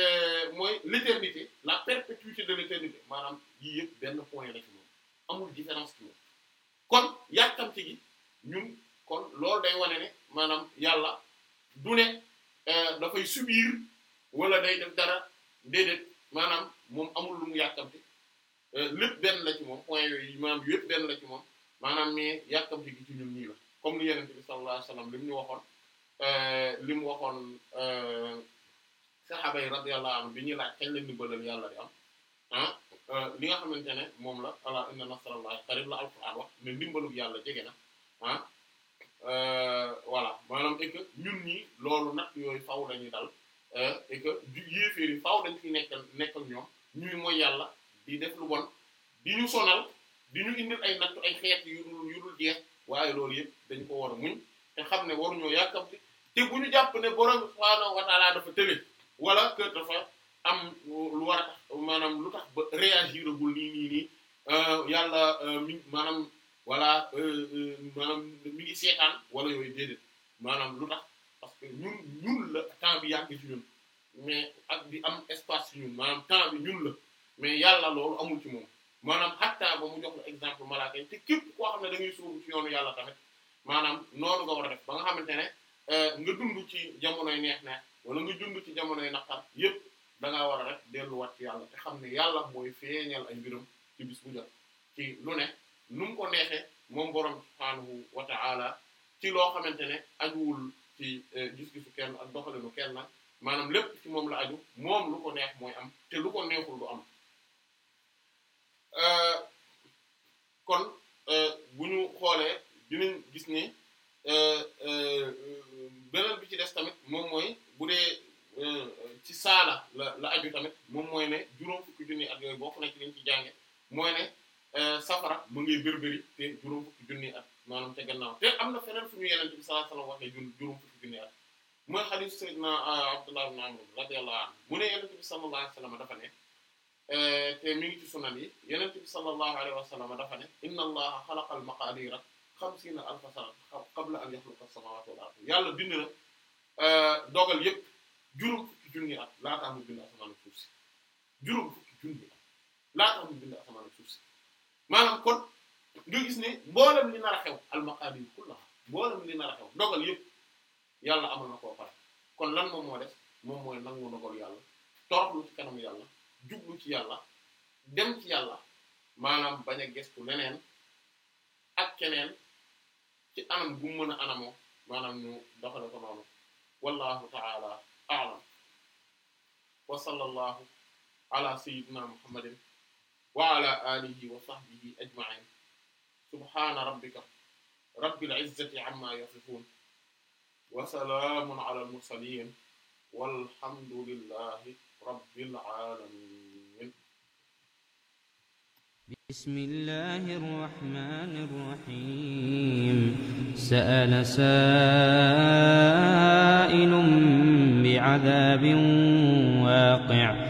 euh, mooy l'éternité la perpétuité de l'éternité maanaam yii yëpp benn point la ci moom amul différence ci moom kon yàkkamti gi ñun kon loolu day wane ne maanaam yàlla du ne Euh, dafay subir wala day def dara déedéet maanaam moom amul lu mu yàkkamti euh, lépp benn la ci moom point yooyu maanaam yëpp benn la ci moom maanaam mais yàkkamti gi ci ñun nii la comme li yenente bi sallallahu alayhi wasallam li mu ñu waxoon euh, li mu waxoon saxaaba yi radiyallahu anhum bi ñu laaj kañ la ndimbalal yàlla di am ah li nga xamante ne moom la ala inna nasrallahi qarib la alquran wax ne ndimbalug yàlla jege na ah, Euh, voilà maanaam et que ñun ñi loolu nag yooyu faw lañuy dal euh, et que faw dañ fi nekkal nekkal ñoom ñuy mooy yàlla di def lu bon di ñu sonal di ñu indil ay nattu ay xeet yu yu dul jeex waaye loolu yëpp dañ ko war a muñ te xam ne waruñoo yàkkamti te bu ñu jàpp ne borom subhaanahu wa ta'aala dafa tële wala que dafa am lu war a tax maanaam lu tax ba réagir agul nii nii nii euh, yàlla mi maanaam wala euh, euh, maanaam mi ngi seetaan wala yooyu déedéet maanaam lu tax parce que ñun ñun la temps bi yàgg ci ñun mais ak bi am espace ci ñun maanaam temps bi ñun la mais yàlla loolu amul ci moom maanaam xattaa ba mu jox la exemple malaaka yi te képp koo xam ne da ngay sóobu ci yoonu yàlla tamit maanaam noonu nga war a def ba nga xamante ne euh, nga dund ci jamonoy neex neex wala nga dund ci jamonoy naqar yépp da ngaa war a rek delluwaat ci yàlla te xam ne yàlla mooy feeñal ay num ko neexee moom borom subhaanahu wa ta'ala ci loo xamante ne ajuwul ci eh, gis-gisu kenn ak doxalinu kenn nag maanaam lépp ci moom la aju moom lu ko neex mooy am te lu ko neexul du am eh, kon eh, bu ñu xoolee dinañ gis ni beneen bi ci des tamit moom mooy bu dee ci saala la la aju tamit moom mooy ne juróom fukki junni at yooyu bokk na ci liñ ci jànge mooy ne Euh, safara mu ngi birbiri te juróom fukki junni at maanaam te gannaaw te am na feneen fu ñu yeneen bi sallallahu alayhi wa sallam waxee jun juróom fukki junni at mooy xadiis sayyidina euh, Abdullah ibn Amr radiyallahu anhu mu ne yeneen bi sallallahu alayhi wa sallam dafa ne euh, te mi ngi ci sunan yi yeneen bi sallallahu alayhi wa sallam dafa ne inna allaha xalaqa al maqadira xamsiina alfa sana qabla an yaxluqa as-samaawaati wal ard yàlla bind na dogal yépp juróom fukki junni at laataa mu bind asamaan ak suuf si juróom fukki junni at laataa mu bind asamaan ak suuf si maanaam kon nga gis ne mboolem li nar a xew almaqaadir kullaha mboolem li nar a xew dogal yëpp yàlla amal na koo pare kon lan moom moo def moom mooy nangu dogal yàlla toroxlu ci kanam yàlla jublu ci yàlla dem ci yàlla maanaam bañ a gestu leneen ak keneen ci anam gu mën a anamoo maanaam ñu doxale ko noonu wallahu ta'ala a'lam wa sallallahu ala sayyidina muhammadin wa ala alihi wa sahbihi ajma'in subhana rabbika rabbil izzati amma yasifun wa salaamun ala al mursalin walhamdulillahi rabbil alamin bismillahir rahmanir rahim sa'ala sa'ilun bi'adhabin waqi'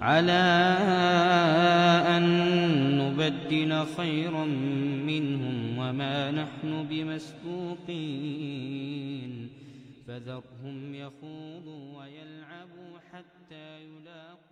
على أن نبدل خيرا منهم وما نحن بمسبوقين فذرهم يخوضوا ويلعبوا حتى يلاقوا